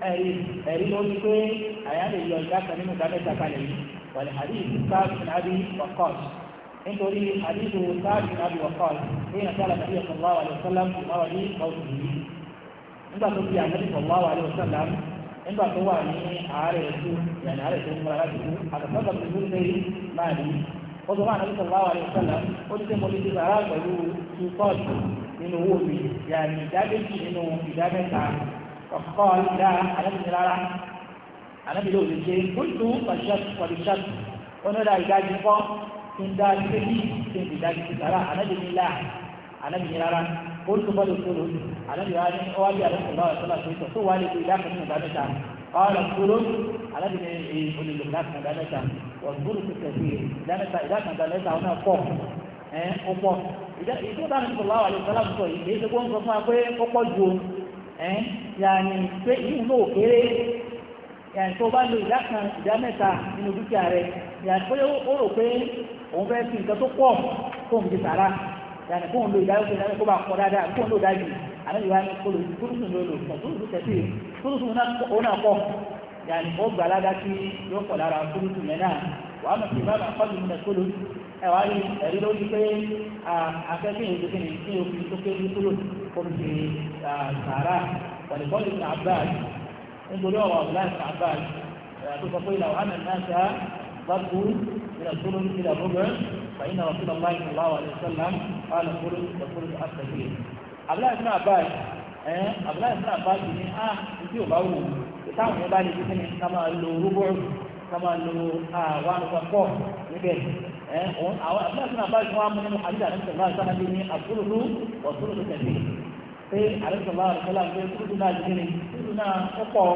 ẹ̀rí ẹ̀rí ló ní pé àyà lè yọ ìdá kan nínú ìdá mẹ́ta kalẹ̀ yìí wàlẹ̀ àdìsí sáàbì nàbí wọ́kọ́s nítorí àdìsí sáàbì nàbí wọ́kọ́s ní àtàlà nàbí ọ̀sán wà wà lọ́sọ́lá nígbà tó wà ní ààrẹ ètò ìyànà ààrẹ tó ń múra láti kú àtàkọ́tà tó ń gbé máa ní ó sọ fún àná sọ̀rọ̀ àwọn àrẹ sọ̀lá ó ti tẹ́ mo lè ti bàrà pẹ̀lú two thirds nínú owó mi yàní ìdádéjì nínú ìdá mẹ́ta ọ̀kọ́ ìdá anábìnrin rárá anábìnrin ò lè ṣe kótó pàṣẹ́pàṣẹ́pù onídàá ìdájí kọ́ kí ń dá sí méjì kí ìdájí sí sàrà anábìnrin قلت فلقول على بيان وابي على الله صلى الله عليه وسلم سوى لي لا من بعدك قال قول على بيان يقول لك لا من بعدك واذكر في الكثير لا نتا لا من بعدك هنا فوق eh ọ̀pọ̀ ìdá ìdó dáná ní sọlá àlè sọlá sọ yìí èyí tó gbọ́n sọ fún wa pé ọ̀pọ̀ ju ẹ yàní pé ìhùn náà kéré yàní tó bá lo ìdá kan ìdá mẹ́ta nínú dúkìá rẹ yàní pé ó rò pé òun fẹ́ fi nǹkan tó pọ̀ tó fi sàrà yàrá kó ń lo ìdájọ́ tó dájọ́ kó bá kọ́ dáadáa kó ń lo dájú àlejò wa ní kóló kúrúsùn ló lò kúrúsùn tẹ̀sí kúrúsùn òun náà kọ́ yàrá ó gbà ládá sí yóò kọ̀ lára kúrúsùn yẹn náà wàá mọ̀ sí ìbámu àkọ́jú mi náà kóló ẹ̀ wá rí ẹ̀rí lórí pé afẹ́fẹ́ yìí lókè ní kí omi tó ké ní kúrò kó fi sàárà wàlúkọ́lù ní abáàlì nítorí ọ̀rọ̀ àbúlá الصدق إلى الظلم إلى الربع فإن رسول الله صلى الله عليه وسلم قال الظلم والظلم أكثر فيه عبد الله بن عباس عبد الله بن عباس ní a ti ò bá wù táwọn yẹn bá lè fi kíni ká máa lo rúbọ̀ ká máa lo àwọn àlùfà pọ̀ níbẹ̀ àwọn àbúrò àti àbáyé wọn mú nínú àdúrà àti sọlá sáà bí ní àbúrò ọ̀túrò tó tẹ̀lé pé àdúrà sọlá àti sọlá pé kúrúdú náà ti kíni kúrúdú náà ó pọ̀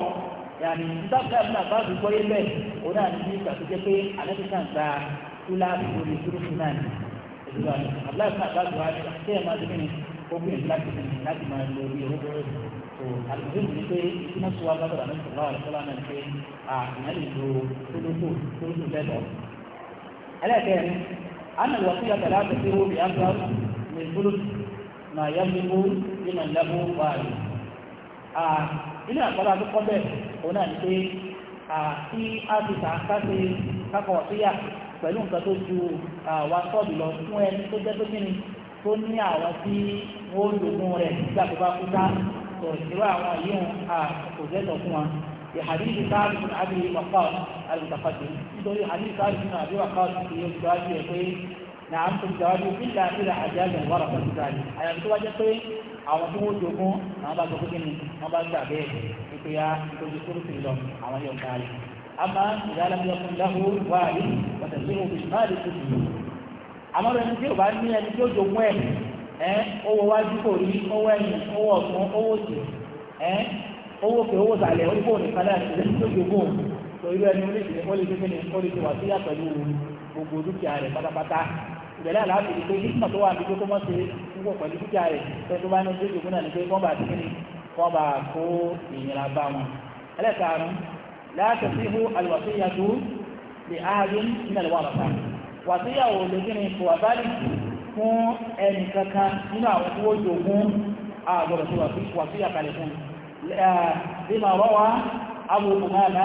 yàní nígbàgbà bí nàbà bí gbọ́yé bẹ́ẹ̀ òun náà ní ìgbà tó jẹ́ pé àlẹ́bíkà ń gba kúlá lórí túrúkú náà ní ìlú àná àbúlá ìfún àgbà tó wá ní àti ẹ̀ máa dúró ní ogun ìlú láti fi láti máa lo orí owó bẹ́ẹ̀ tó àlùfẹ́ mi ní pé ìtumọ̀ tó wá lọ́dọ̀ àná ìṣòwò àwọn ìṣòwò náà ní pé àná ìlú túrúkú túrúkú lẹ́dọ̀ ẹlẹ́kẹ̀rin àná ìwàsíyà tẹ̀lé àtẹ̀síwò bí ilé àkọ́lá tó kọ́ bẹ́ẹ̀ òun náà ni pé tí a ti tà káṣe kákọ̀ síyà pẹ̀lú nǹkan tó ju wa sọ́ọ̀dù lọ fún ẹni tó jẹ́ tó kíni tó ní àwọn tí wọ́n lògùn rẹ̀ nígbà tó bá kú tá sọ ìṣirò àwọn yìí hàn kò jẹ́tọ̀ fún wa ìhàdíìsì sáàbì fún abiy wakar alùpàpàdé nítorí ìhàdíìsì sáàbì fún abiy wakar ti náà ń tóbi jàwájú ìlà ìlà àjáàjọ ìwárà pẹ̀lú ìdáàlì àyàfi tó bá jẹ́ pé àwọn tó wọ́n jogún àwọn bá jogún kíni wọ́n bá gbà bẹ́ẹ̀ ètò ya ìtòjú tó rúfin lọ àwọn yóò ká lè àmà ìdálámiyọkùn láhù ni pàtàkì òfin máa ni tóbi àmọ́ rẹ̀ ní tí ò bá ní ẹni tí ó jogún ẹ̀ ẹ́ owó wájú kò rí owó ẹ̀yìn owó ọ̀tún owó òsì ẹ́ owó òkè ni ìsàlẹ̀ orí bóun nìkan náà ìdẹ́ tó jogún tó irú ẹni ó lè ṣe ó lè ṣe kíni ó lè ṣe wà síyà pẹ̀lú gbogbo dúkìá rẹ̀ pátápátá ìbẹ̀rẹ̀ àlàáfíà ni pé nígbà tó wà ní pé kó mọ́ ṣe nígbà pẹ̀lú dúkìá rẹ̀ pé tó bá ní ojú ìgbóná ni pé wọ́n bá ti kíni wọ́n bá kó ìyìnlá bá wọn. ẹlẹ́karùn láti sí ihu àlùwàsíyà tó lè áhàlú nínú àlùwà àbàtà wàsíyà ò lè kíni kò wà bálì fún ẹnì kankan nínú àwọn tó wọ́n jogún àgbọ̀dọ̀ tó wàsíyà kalẹ̀ fún lima eh, rọwa abu umama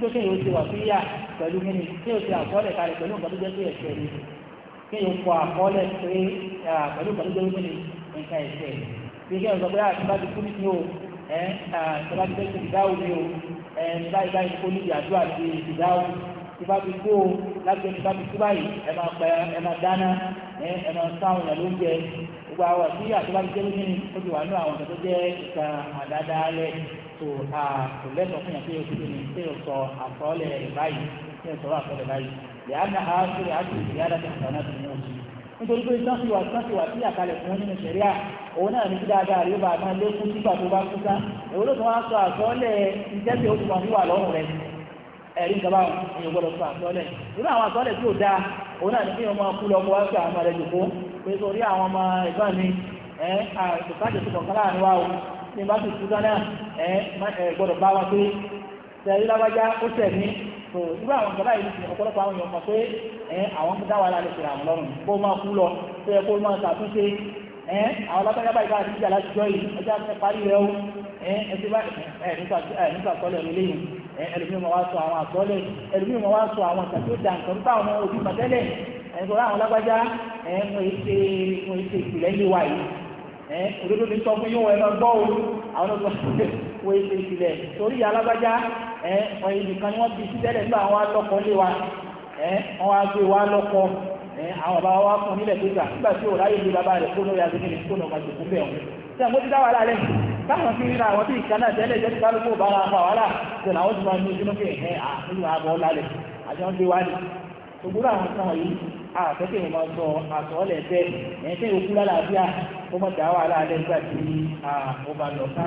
wípé kéèyàn ó ti wà sí yà pẹ̀lú mímí kéèyàn ó ti àkọọ́lẹ̀ kalẹ̀ pẹ̀lú nǹkan tó jẹ́ pé ẹ̀ṣẹ̀ ni kéèyàn ó kọ àkọọ́lẹ̀ pé pẹ̀lú nǹkan tó jẹ́ mímí ẹ̀ṣẹ̀ bí ni o ẹ báyìí báyìí kó níbi àdúrà ti ìdáwó ti bá ti kó o láti ẹni bá ti kú báyìí ẹ máa pẹ ẹ máa dáná ẹ ẹ máa sáwọn ìyà ló ń gbogbo àwọn àti àtibá jẹ́ mímí ó ti wà nínú àwọn nǹkan tó jẹ́ ìta àdáadáa lẹ́yìn tó a kò lẹ́tọ̀ọ́ fún yàn oṣù tó ní pé o sọ àkọọ́lẹ̀ rẹ̀ báyìí o sọ̀rọ̀ àkọọ́lẹ̀ báyìí lè á náà á sọ̀rọ̀ á sì rí adájọ́ ìgbàna tó ní oṣù nítorí pé sánfìwà sánfìwà sí àkàlẹ̀ fún nínú sẹ̀ríà òun náà ní dáadáa rí bá a máa lékún sígbà tó bá kú sá èwo ló tún wá sọ àkọọ́lẹ̀ ní bá ti tú dáná ẹ gbọ́dọ̀ bá wa pé tẹ̀lé lágbájá ó tẹ̀ mí tó irú àwọn ìjọba yìí ti ọ̀pọ̀lọpọ̀ àwọn èèyàn mọ̀ pé ẹ àwọn dá wa lálẹ́ fèrè àwọn lọ́rùn kó máa kú lọ tó yẹ kó máa ṣàtúnṣe ẹ àwọn lágbájá báyìí bá ti jà látijọ́ yìí ọjọ́ àti parí rẹ o ẹ ẹ ti bá ẹ nípa àtọ́lẹ̀ rẹ léyìn ẹ mọ̀ wá sọ àwọn àtọ́lẹ̀ ẹlòmíì mọ̀ wá sọ àwọn ìtàkùn òdodo ní sọ fún yóò gbọ́ o àwọn ọ̀dọ́ wo ètò ìsìlẹ̀ torí alágbájá ọ̀yẹ́ ni wọ́n bí sí tẹ́lẹ̀ nígbà àwọn alọ́kọ̀ lé wa wọ́n wá gbé wa lọ́kọ̀ àwọn bàbá wa fún nílẹ̀ tó gbà nígbà tí ya zikiri kóno wọn. ṣé àwọn ti dá àtẹ́kẹ́ yẹn máa sọ àtọ́lẹ̀ bẹ́ẹ̀ ẹ̀yìn tẹ́ òkú lálàáfíà ó mọ̀ dá wàhálà alẹ́ nígbà tí ó bá lọ ká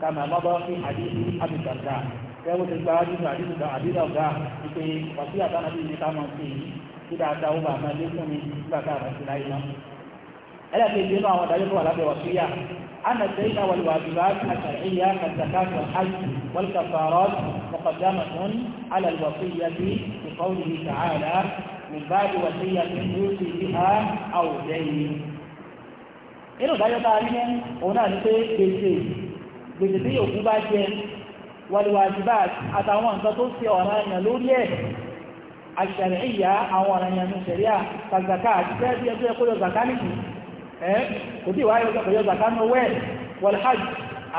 ká máa bá bá fi àdínkù àbùkàkà fẹ́ẹ́ bó ti gba nínú àdínkù àdínkà wípé wàsí àtànàbí ní ká máa fi kí dáadáa ó bá máa lé fún mi nígbà tá a bá ti láyé náà. ẹlẹ́kẹ̀ẹ́ nínú àwọn adájọ́ tó wà lábẹ́ wàsí والواجبات الشرعية كالزكاة والحج والكفارات مقدمة على الوصية بقوله تعالى ní báyìí wà sí yàtọ̀ ní ó sì fi ha àwùjẹ yìí nínú ìdájọ́ tá a rí mọ́ òun náà ní pé gbèsè gbèsè tí yòókù bá jẹ wàlúwàjúbà àtàwọn nǹkan tó ṣe ọ̀ràn èèyàn lórí ẹ̀ àṣàríyà àwọn ọ̀ràn èèyàn ní ṣẹ̀ríà kàzàká àti tẹ́ẹ̀bí ẹgbẹ́ ẹkọ́ yọ zàká nìkú ẹ́ kò tí ìwáyé ọjọ́ pẹ̀lú zàká ní owó ẹ̀ wàlúhàjì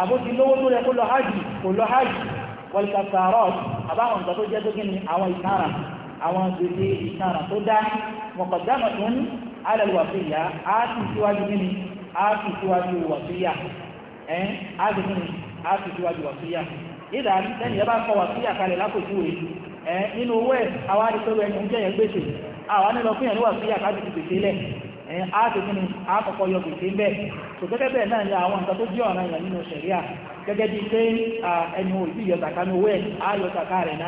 àbókí lówó tó rẹ kó lọ hajì kò lọ hajì wàlúkàtàrọ̀ àbáwọn nǹkan tó jẹ́ tó kí àwọn ìtara àwọn gbèsè ìtara tó dá mọ̀kàndánà tó ní alẹ́lùwàfíyà á sì síwájú nínú á sì síwájú wàfíyà ẹ̀ á sì nínú á sì síwájú wàfíyà ìdá sẹ́ni ẹ bá kọ wàfíyà kalẹ̀ lákòókò rẹ̀ ẹ̀ nínú owó ẹ̀ àwa rí pé ẹni jẹ́ yẹn gbèsè àwa nílọ fún yẹn ní wàfíyà kájú ti gbèsè lẹ̀ ẹ̀ á sì nínú á kọ́kọ́ yọ gbèsè ń bẹ̀ tó gẹ́gẹ́ bẹ́ẹ̀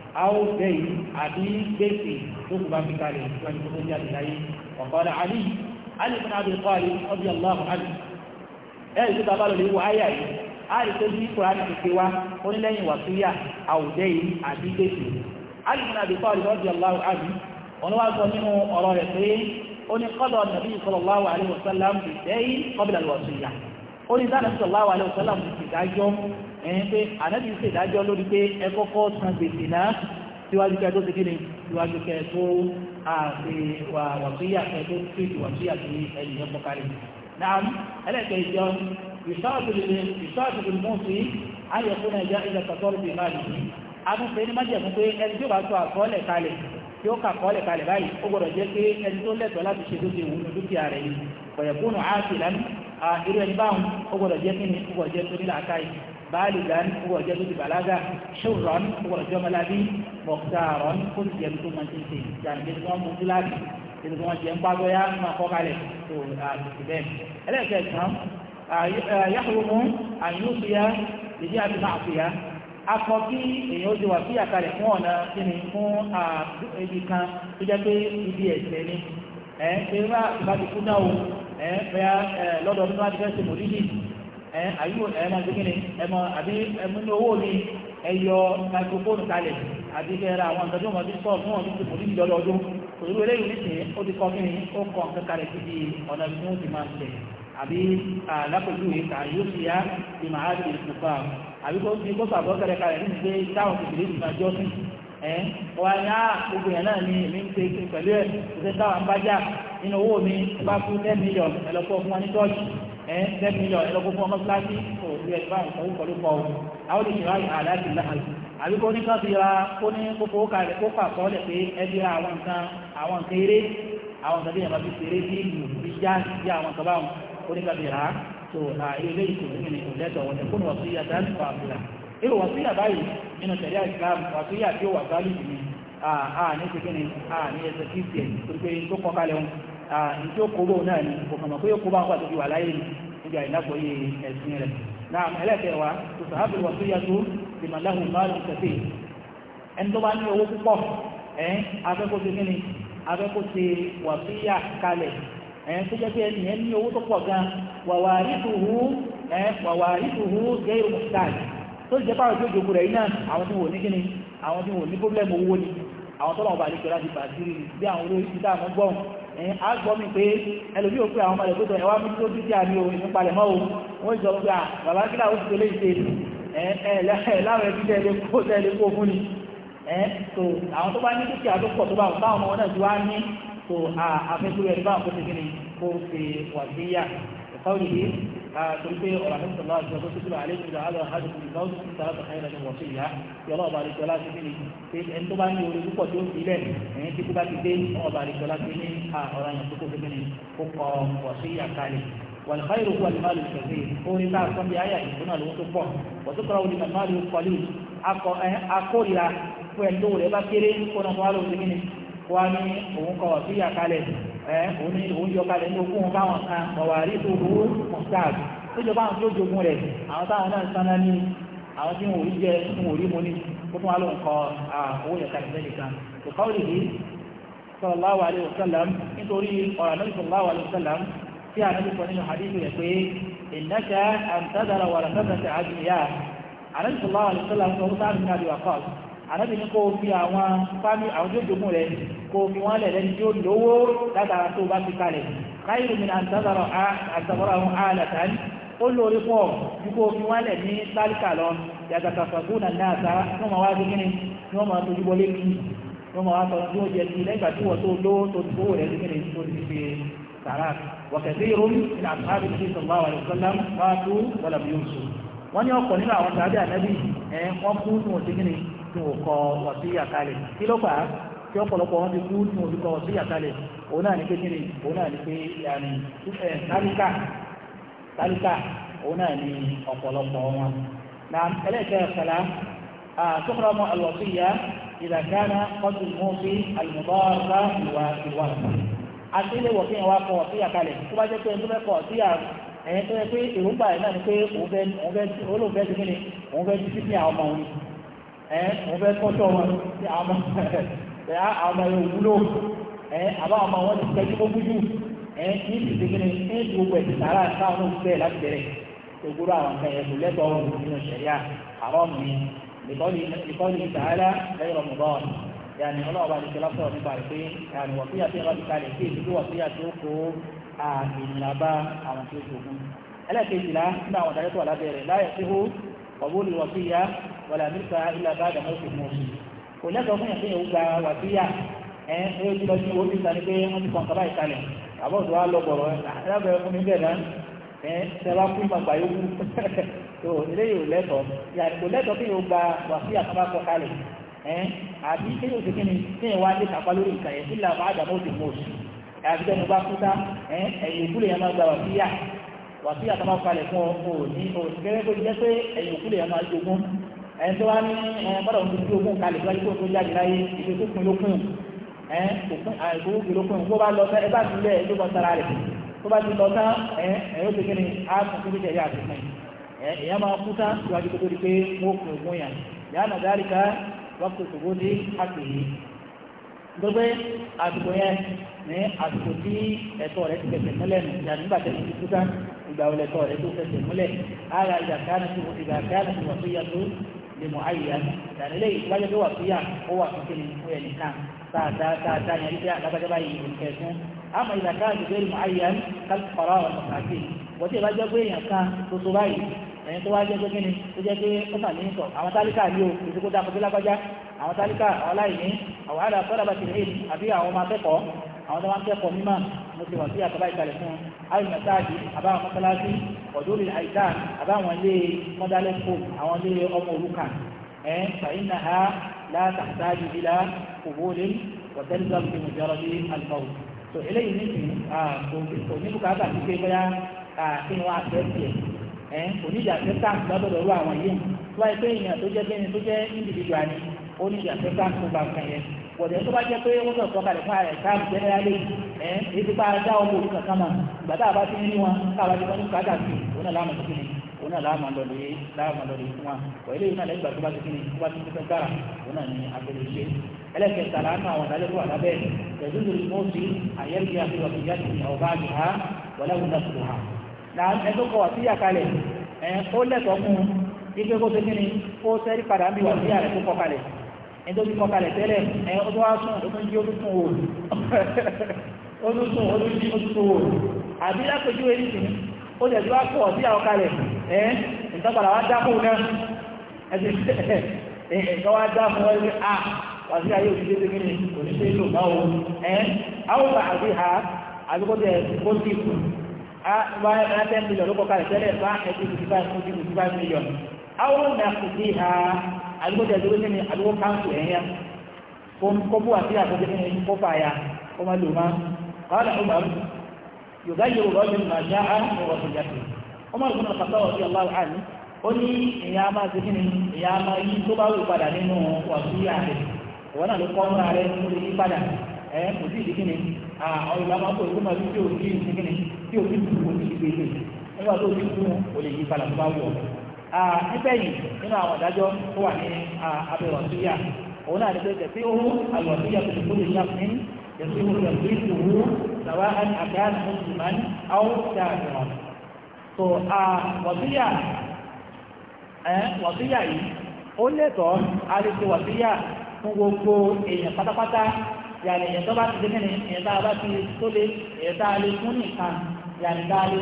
أو دين أبي بيتي تقبى في كالي وأن إليه وقال علي علي بن أبي طالب رضي الله عنه ẹ̀rí tó bàbá lòlẹ́ wọ ayé yìí àrí tó ní kúrò àti pèpè wa ó ní lẹ́yìn wàsíyà àwùjẹ́ yìí àti gbèsè alìmọ̀ àbí kọ́ọ̀lì lọ́dí ọláwọ̀ àbí ẹ̀yìn pé ànábì ṣe ìdájọ́ lórí pé ẹ kọ́kọ́ san gbèsè náà síwájú kẹ́ tó ti kí ni síwájú kẹ́ tó àti wà wàsíyà kẹ́ tó tí ìwà sí àti ẹ̀yìn yẹn pọ̀kárì náà ẹlẹ́kẹ̀ ìjọ ìṣọ́ọ̀tù mú sí ayọ̀kúnà ìjọ ilẹ̀ kọ̀tọ́rù fi máa nìyí abúfẹ́ ní májẹ̀mú pé ẹni tí ó bá sọ àkọọ́lẹ̀ kalẹ̀ tí ó kàkọọ́lẹ̀ kalẹ̀ báyìí ó gbọ́dọ̀ jẹ́ pé ẹni tó lẹ́tọ̀ọ́ láti ṣe tó ti wù ní dúkìá rẹ̀ yìí kọ̀yẹ̀kúnù áàfìlán irú ẹni báhùn ó ni ó gbọ́dọ̀ báàlìgán owó ọjọ́ tó ti bàlágà ṣòrán owó ọjọ́ mọ́lábí mọ̀tàrán kó ti jẹun tó máa ti ṣe ìjànìjẹ́ tí wọ́n mú kíláàsì ètò tí wọ́n jẹ ń bá bọ́yá máa kọ́ kalẹ̀ tó àti bẹ́ẹ̀. ẹlẹ́ẹ̀kẹ̀kan yàtọ̀wọ́mú àyùnúfìyà lèdí àti máa fìyà akọ kí èèyàn ó ti wà sí àkàlẹ̀ fún ọ̀nà kíni fún ibi kan tó jẹ́ pé ibi ẹ̀sẹ̀ ni ẹ̀ ẹ̀ bá ti kú náà o ẹ̀ bẹ́ẹ̀ lọ́dọọdún tó wá ti fẹ́ ṣe mòlídìí ẹ àyíwò ẹ máa ṣe kíni ẹ mọ àbí ẹmú ní owó mi ẹ yọ microphone kalẹ̀ àbí kẹ ra àwọn ìtọ́jú ọmọdé sọ fún ọdún tó kù ní ìjọ lọ́dún òṣèlú eléyìí nísìnyí ó ti kọ́ kíni ó kọ́ nǹkan kalẹ̀ síbi ọ̀nà ibi tí wọ́n ti máa ń tẹ̀ àbí alápòjú ìta yóò fi yá ti máa ti ìfúnpá àbí kó fi kó sàbọ̀ kẹrẹ kalẹ̀ ní ìgbé táwọn kìkìrì ti máa jọ́sìn ẹ̀ wà ní gbogbo yẹn náà ni èmi ń pe pẹ̀lú ẹ̀ kò sẹ́ táwọn bá jà nínú owó mi bá fún ten million ẹ̀lọ́pọ̀ fún wọn ní tọ́ọ̀tì ẹ̀ ten million ẹ̀ lọ́kọ́ fún ọmọ kíláàsì kò sí ẹ̀ bá ìsanwó pẹ̀lú kọ́ ọ àwọn olùsìnrà àdáàtì láàyè àbí kó ní káfí ra kó ní kókó kalẹ̀ kó fà kọ́lẹ̀ pé ẹ bí ra àwọn nǹkan àwọn nǹkan eré àwọn nǹkan bí yàrá bí ṣeré bí ìlú bí já bí àwọn nǹkan báwọn kó ní káfí ra tó à ilé ìkòlóyìn ní ìlẹ́tọ̀ wọn nínú tẹ̀lé Islam wàásù yàtí ó wà sálì yìí ní àà ní ṣe kí ni àà ní ìtí ó kó bóun náà ni kò kàmọ̀ pé ó kó bá ń pàtó fi wà láyé ni níbi àìlápọ̀ yé ẹ̀sìn rẹ̀ náà ẹlẹ́kẹ̀ẹ́ wa kò sàábì wà tó yàtọ̀ ìmọ̀láhùn márùn kẹfẹ́ ẹni tó bá ní owó púpọ̀ ẹ̀ afẹ́kó ti kíni afẹ́kó ti wà sí yà kalẹ̀ ẹ̀ tó jẹ́ ní owó tó pọ̀ gan wàwàrìtùhù tó ti jẹ́ ní kíni àwọn tí wò ní pọ́blẹ́mù ni àwọn tọ́lọ̀ ọba àdìgbò láti bàtírí bí àwọn olórí ti dáàmú gbọ́n agbọ́mi pé ẹlòmí ò pé àwọn ọmọ ẹ̀kọ́tọ̀ ẹwà mú tó dúkìá ní ohun ìpalẹ̀ mọ́ ohun wọ́n jọ pé bàbá kílà ó ti tó lè ṣe láwọn ẹbí tẹ́lẹ̀ kó tẹ́lẹ̀ kó fún ni so àwọn tó bá ní dúkìá tó pọ̀ tó bá táwọn ọmọ náà ti wá ní so àfẹ́kúrẹ́ ẹ̀dí báwọn kó ti kí ni kó fi wà sí yà قوله تلقي ورحمة الله عز وجل تتبع عليكم هذا عاد أحدكم الموت من ثلاثة خيرا من وصية يلا بارك الله فيك في أن تبان يوريك وجود إليه أن تكتب كتير أو بارك الله فيك أولا يتكتب مني فقه وصية كالي والخير هو المال الكثير هو رفع صم بآية هنا الوصف وتكره لمن ماله القليل أقول لك فأنه لبكر كنا ماله مني وأني أمك وصية كالي òní òǹjọkalẹ̀ ní ogún káwọn kan mọ̀wárí tó owó mọ̀sáàd tó jọba àwọn tó jogun rẹ̀ àwọn táwọn náà sáná ní àwọn tí wọn ò rí jẹ wọn ò rí mu ní kó tún wá ló ń kọ owó yẹn kalẹ̀ lẹ́yìn kan kò káwọn lè rí sallallahu alaihi wasallam nítorí ọ̀rọ̀ ànábì sallallahu alaihi wasallam tí ànábì sọ nínú hadith rẹ̀ pé ìnáṣà àǹtàdàrà wàrà sọ́sà àjùmíyà ànábì sallallahu alaihi wasallam sọ ànábì ní kó o fi àwọn fámì àwọn tó jogún rẹ̀ kó o fi wọ́n lẹ̀ lẹ́ni tí ó lówó látara tó bá fi kalẹ̀ káyìrù mi náà sábàrọ̀ àtàbọ̀rọ̀ àwọn àlàtàní ó lórí pọ̀ ju kó o fi wọ́n lẹ̀ ní tálíkà lọ yàtàkà fàgbó nà náà sá ní wọ́n wá sí kíni ní wọ́n máa tójú bọ́lé kí wọ́n máa ọkọ̀ nínú àwọn tàbí ànábì ẹ̀ wọ́n kú ní òsì tí wọ́n kọ wàsíyà kalẹ̀ kí ló fà á tí ọ̀pọ̀lọpọ̀ wọn ti kú tí wọ́n fi kọ wàsíyà kalẹ̀ òun náà ní pé kíni òun náà ní pé yàní tálíkà tálíkà òun náà ní ọ̀pọ̀lọpọ̀ wọn. na ẹlẹ́kẹ̀ ẹ̀kọ́lá àtúkọ̀rọ̀mọ alwàsíyà ìdàkánná kọ́tù mọ́fí alùmọ́bárà ìwà ìwà àti ilé wọ̀ kí wọ́n wá kọ wàsíyà kalẹ̀ tó bá jẹ́ pé ẹni tó fẹ́ tó yẹ pé èròǹgbà ẹ̀ náà ni pé òun fẹ́ òun ti kí ni òun fẹ́ ti sí àwọn ọmọ òun ẹ mo fẹ́ kọ́ṣọ́ wọn tí àwọn ọmọ yẹn wúlò ẹ àbá ọmọ wọn ti tẹ́jú mọ́ bújú ẹ ní ìdíje ní ní gbogbo ẹ̀sìn sára káwọn náà bẹ́ẹ̀ láti bẹ̀rẹ̀ gbogbo àwọn kan yẹn kò lẹ́tọ̀ọ́ wọn nínú ṣẹ̀ríà àwọn mi nìkọ́ni ìtàhálà lẹ́yìn rọmọdọ́ọ̀nù yàní ọlọ́ọ̀bá ní kẹlá sọ̀rọ̀ nípa rẹ̀ pé yàní wọ̀síyà tí wọ́n ti kalẹ̀ sí ìdílé wọ̀síyà tí ó kó ènìyàn bá àwọn tí ó ṣògùn ẹlẹ́ẹ̀kejìlá nínú àwọn ìdájọ́ tó wà lábẹ́ rẹ̀ láyẹ̀ tí ó ìwọ̀síyà wàlà mílíkà ilà bá dàmọ́ òkè mọ́ òsì kò lẹ́tọ̀ọ́ fún yàtọ̀ yẹn gba wàsíyà ẹ ẹ ti lọ sí owó ti sani pé wọ́n ti kàn kaba ìkalẹ̀ àbọ̀ tó wà lọ bọ̀rọ̀ ẹ ah, fún mi bẹ́ẹ̀ náà ẹ sẹ́wà kú ìmọ̀ gbà yókù tó eléyìí ò lẹ́tọ̀ọ́ yàtọ̀ kò lẹ́tọ̀ọ́ fún yàtọ̀ gba wàsíyà kaba kọ kalẹ̀ ẹ àbí kéde òsì kíni tí yẹn wá dé kápá lórí ìkàyẹ̀ ilà bá dàmọ́ òsì mọ́ òsì àbí tẹnu bá kú tá ẹ ẹ̀yìn ìkúlẹ̀ yẹn máa gba wàsíyà wàsíyà kaba kalẹ̀ fún ọ ẹni tó wá ní bọ́dọ̀ ń fi ogún kalẹ̀ tó wáyé kó tó jáde láyé ibi tó pin lókun òkun àìkú òkè lókun bó bá lọ tán ẹ bá ti lẹ̀ ẹ tó bọ́ sára rẹ̀ tó bá ti lọ tán ẹ ẹ yóò ti kéde á kún fún bíjẹ̀ yá àtúntàn ẹ èyàn máa kú tán tó wájú tó di pé wọ́n kún ogún yàn yàrá nàdáàrí ká wọ́n kò tòbó dé àpè yìí gbogbo àsìkò yẹn ní àsìkò tí ẹ̀tọ́ rẹ̀ ti fẹsẹ̀ múlẹ̀ nù ìjà nígbà tẹ̀sí ti kúta lè mọ̀ àyíyá ìdáni lẹ́yìn wáyé tó wà sí yà ó wà fún kíni fún ẹnì kan dáadáa yẹn wípé àlágbájábá yìí ló fẹ́ fún àmọ́ ìdàká àgbègbè mọ̀ àyíyá kálífọ̀rọ̀ àwọn ọ̀sàkì wọ́n ti ìbájọ́ pé èèyàn kan tó so báyìí ẹ̀yìn tó wá jẹ́ pé kíni tó jẹ́ pé ó mà ní sọ àwọn tálíkà ní o ètò kó dáa kó lágbájá àwọn tálíkà àwọn àwọn àdàtọ́ dàbàtì mo ti wà sí àtàbá ìkàlẹ̀ fún àwọn mẹ́sáàgì àbáwọn mọ́sálásí ọ̀dọ́rì àìsàn àbáwọn ilé mọ́dálẹ́ fóònù àwọn ilé ọmọ òrukàn ẹ̀ fàyínà ha látàtàjì ìlà òbólé wọ̀tẹ́lẹ́sọ̀ ti mú jọrọ ní alùpàwù tó eléyìí nísìnyí kò ní bùkátà sí pé bóyá kí ni wọ́n á fẹ́ tiẹ̀ ẹ̀ kò ní ìjà fẹ́ àwọn yìí bọ̀dẹ̀ tó bá jẹ́ pé wọ́n sọ̀tọ̀ kalẹ̀ fún ààrẹ káàmù jẹ́rẹ́ alẹ́ ẹ̀ èyí ti bá a dá ọmọ òrukàn kan máa ìgbà tá a bá ti ní wọn káwa ti wọ́n káàdà sí òun náà láàmú kíkiri òun náà láàmú lọ́lẹ̀ láàmú lọ́lẹ̀ fún wa wọ́n ilé ìrìnà lẹ́gbàá tó bá ti kíni tó bá ti ti fẹ́ gbára òun náà ní agbẹ̀lẹ̀ ṣe ẹlẹ́kẹ̀ẹ́ta láàánú àwọn ìdájọ́ tó wà lábẹ́ ẹ̀dúndùn mọ́ọ̀sì àyẹ̀lì àfihàn ìyá ti ìyàwó bá mi ẹjọ́ ti kọkalẹ̀ tẹ́lẹ̀ ẹ ọdún wá sùn ọdún jí ọdún sùn òòrùn ọdún sùn ọdún jí ọdún sùn òòrùn àbí lápẹjú ẹni sìn ó lè tó àpọ̀ sí àwọn kalẹ̀ ẹ ìtọ́padà wá dákùn náà ẹsẹ̀ ẹ̀ẹ̀kan wá dákùn wọ́n ah, ní à wà sí ayé òṣìṣẹ́ tó kíni kò ní ṣe é lò máa wo ẹ àwọn ọba àbí ha àbí kó tẹ kó tì kù á wá ẹ ten million ló kọkalẹ̀ tẹ́lẹ̀ bá àdúgbò tẹ̀ dúró nínú àdúgbò káńtù ẹ̀yẹ kó bú àti àkójọ nínú kó fà ya kó má lò má kọ́lá ọmọ yorùbá yorùbá ọdún máa ṣá á ní ọ̀sẹ̀ jáde ọmọ ìgbọ́n náà kàtọ́ ọ̀sẹ̀ ọlá àní ó ní ìyá máa ṣe kí ni ìyá máa yí tó bá wù padà nínú wàsíyà rẹ̀ ìwọ́n náà ló kọ́ ọ́nà rẹ̀ tó lè yí padà ẹ̀ kò sí ìdí kí ni àwọn nígbẹ̀yìn nínú àwọn ìdájọ́ tó wà ní abẹ́ wàsíyà òun náà ní pé tẹ̀sí owó àlùwàsíyà tó ti kúrò nígbà fún tẹ̀sí owó tẹ̀sí ìṣòwò sàwá àkáyàn mùsùlùmán áwọ̀ dáadáa. tó wàsíyà wàsíyà yìí ó lẹ́tọ̀ọ́ àlejò wàsíyà fún gbogbo èèyàn pátápátá yàrá èèyàn tó bá ti dé mẹ́rin èèyàn tá a bá ti tó lé èèyàn tá a lè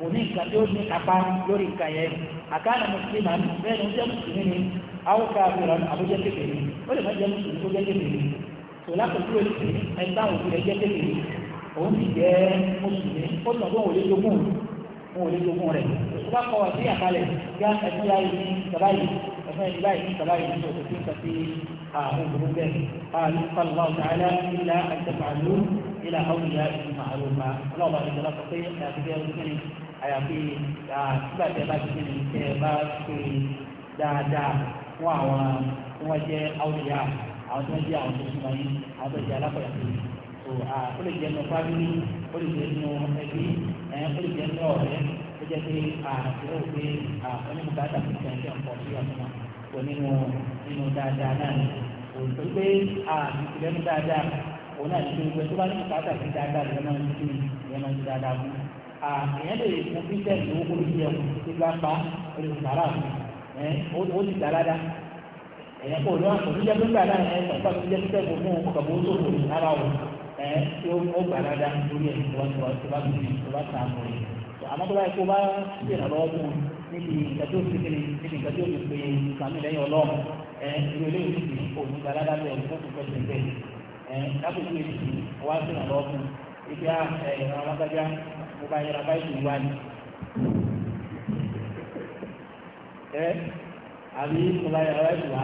kò ní nǹkan tí ó ní apá lórí nǹkan yẹn àkáàlà mùsùlùmí àmì bẹ́ẹ̀ ni ó jẹ́ mùsùlùmí ni awúkà àbúrò àbújẹ́ kékeré ó lè má jẹ́ mùsùlùmí tó jẹ́ kékeré tò lápẹ̀jú rẹ̀ sí ẹni táwọn òbí rẹ̀ jẹ́ kékeré òun sì jẹ́ mùsùlùmí ó lọ bọ́ òun lójoogun òun ò lójoogun rẹ̀ tó bá kọ wá sí àkálẹ̀ yá ẹ̀fún yá ní ìjọba yìí ẹ̀fún yá yìí ní ìjọba yìí ní òkú tí ń sọ sí àwọn obìnrin bẹ́ẹ̀ àyàfi nígbà tí ẹ bá ti tẹ̀lé tẹ ẹ bá pè dáadáa fún àwọn tí wọ́n jẹ́ áwùjá àwọn tí wọ́n jẹ́ àwọn tó súnmọ́ yín àwọn tó jẹ́ alákọ̀yà tó yín ó lè jẹ́ nù fábílì ó lè jẹ́ nù ẹbí ó lè jẹ́ nù ọ̀rẹ́ ó jẹ́ pé àtúrò pé onímọ̀gáta ti tẹ̀ ẹ́ pọ̀ sí ọ̀tún kò nínú nínú dáadáa náà ni kò tó pé ìtìlẹ́nu dáadáa òun náà ti tó gbẹ tó bá ní àyàn lè fún bíṣẹ́ ìlú owó ìjẹun tí bá pa olè ó ti dà ẹ̀yàn kò lọ́wọ́ pípẹ́ tó o ẹ̀ tí ó gbà eh, lórí ẹ̀ tó bá tó bá tó bá tó bá tà ẹ̀ àmọ́ tó báyìí kó bá ṣe ìrànlọ́wọ́ fún níbi níbi ìsàmì lẹ́yìn ẹ̀ mo bá yẹra báyìí wá ní. ẹ àbí mo bá yẹra báyìí wá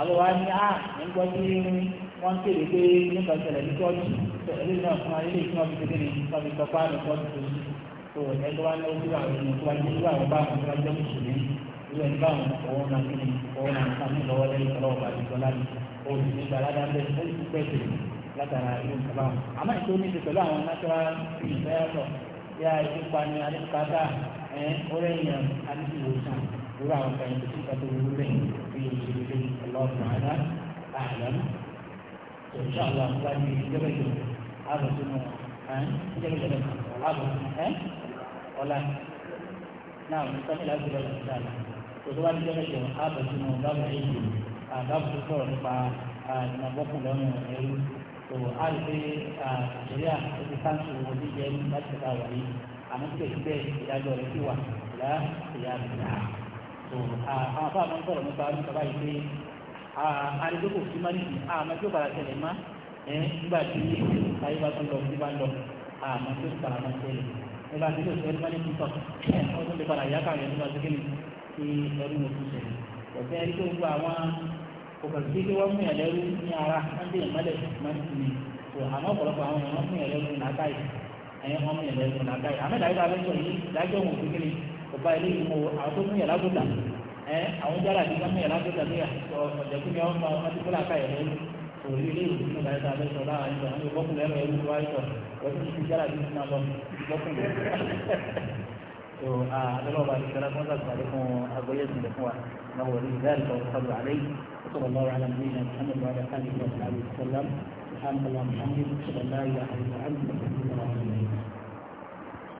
àwọn wa ní à ń gbọ́ sí wọ́n ń kéde pé nípa ìṣẹ̀lẹ̀ ní tọ́jú ẹ̀rí náà fún wa ilé ìtura fi kéde ní ìtura fi tọ́pá ní tọ́jú tó tó ẹgbẹ́ wa ní ojú àwọn ènìyàn tó wá ní ojú àwọn bá àwọn tó wá jẹ́ mùsùlùmí irú ẹni bá àwọn ọwọ́ náà kí ni ọwọ́ náà ká ní lọ́wọ́ lẹ́yìn ọlọ́wọ́ bá ti sọ láti oṣù ní balada ń bẹ ó sì pẹ́ sí látara irú nǹkan báwọn àmọ́ ìṣó ní ti pẹ̀lú àwọn natural yá ìdípani àdìpàdà ẹ orí èèyàn àdìpìwòsàn lórí àwọn kan tó ti kàtó wúlò rẹ bí ìṣèlú ọlọ́ọ̀tún àdá àlọ́m tó ń ṣàlọ́ àkúrá ní ìjọba ìjọba àbọ̀ sínú ẹ ìjọba ìjọba àbọ̀ ẹ ọ̀la náà ní sọ́kìlá ìjọba ìjọba àlọ́ tó tó bá ní ìjọba ìjọba àbọ̀ sínú bábà èyí àbábọ̀ tó sọ̀rọ̀ nípa àdìmọ̀bọ́kùn lọ́rùn ẹ̀rú tó a lè fi àṣẹyà ojú káńtì owó jíjẹ láti ṣẹta wà ní àmọ́ tí èyí bẹ́ẹ̀ ìdájọ́ rẹ̀ sì wà lá ìyá àbíyá tó àwọn afọ àmọ́ ń sọ̀rọ̀ nípa nípa báyìí pé àdéjọ́kọ̀ sí má nìyí àmọ́ tí ó bàrà ṣẹlẹ̀ má nígbà tí ayé bá tún lọ sí bá ń lọ àmọ́ tí ó sì bàrà má ṣẹlẹ̀ nígbà tí ó sì má nìyí tọ̀ ọdún lè padà yá káàrin nígbà tí kí ni ẹrú mo kò kàn sí pé wọ́n mú yàn lẹ́rú ní ara wọ́n dé ìmọ́lẹ̀ máa ń sinmi tó àmọ́ ọ̀pọ̀lọpọ̀ àwọn èèyàn wọ́n mú yàn lẹ́rú làákàyè ẹ̀yìn wọ́n mú yàn lẹ́rú làákàyè àmọ́ ìdájọ́ abẹ́jọ́ yìí ìdájọ́ òun òfin kiri kò bá ilé ìmọ̀ àwọn tó mú yàn lágbóta ẹ̀ àwọn jára àti ká mú yàn lágbóta bí ọ̀jẹ̀kú ni wọ́n máa ti kó làákàyè lẹ́rú òrí ilé ìwòsàn ìdájọ́ abẹ́jọ́ láwọn ìgbà wọn bọ́kùn lẹ́rọ ẹrú wá ìtọ̀ wọ́n ti ti jára àti ìsinmi àbọ̀ bọ́kùn lẹ́rọ to a lọ́wọ́ bá ti sọ́ra fún ọ̀sán àlékún agbóyè ìsìnlẹ̀ fún wa náà wọlé ìdáyàtọ̀ ọ̀sán àléyìn صلى الله على نبينا محمد وعلى اله وصحبه وسلم سبحانك اللهم وبحمدك اشهد ان لا اله الا انت استغفرك واتوب اليك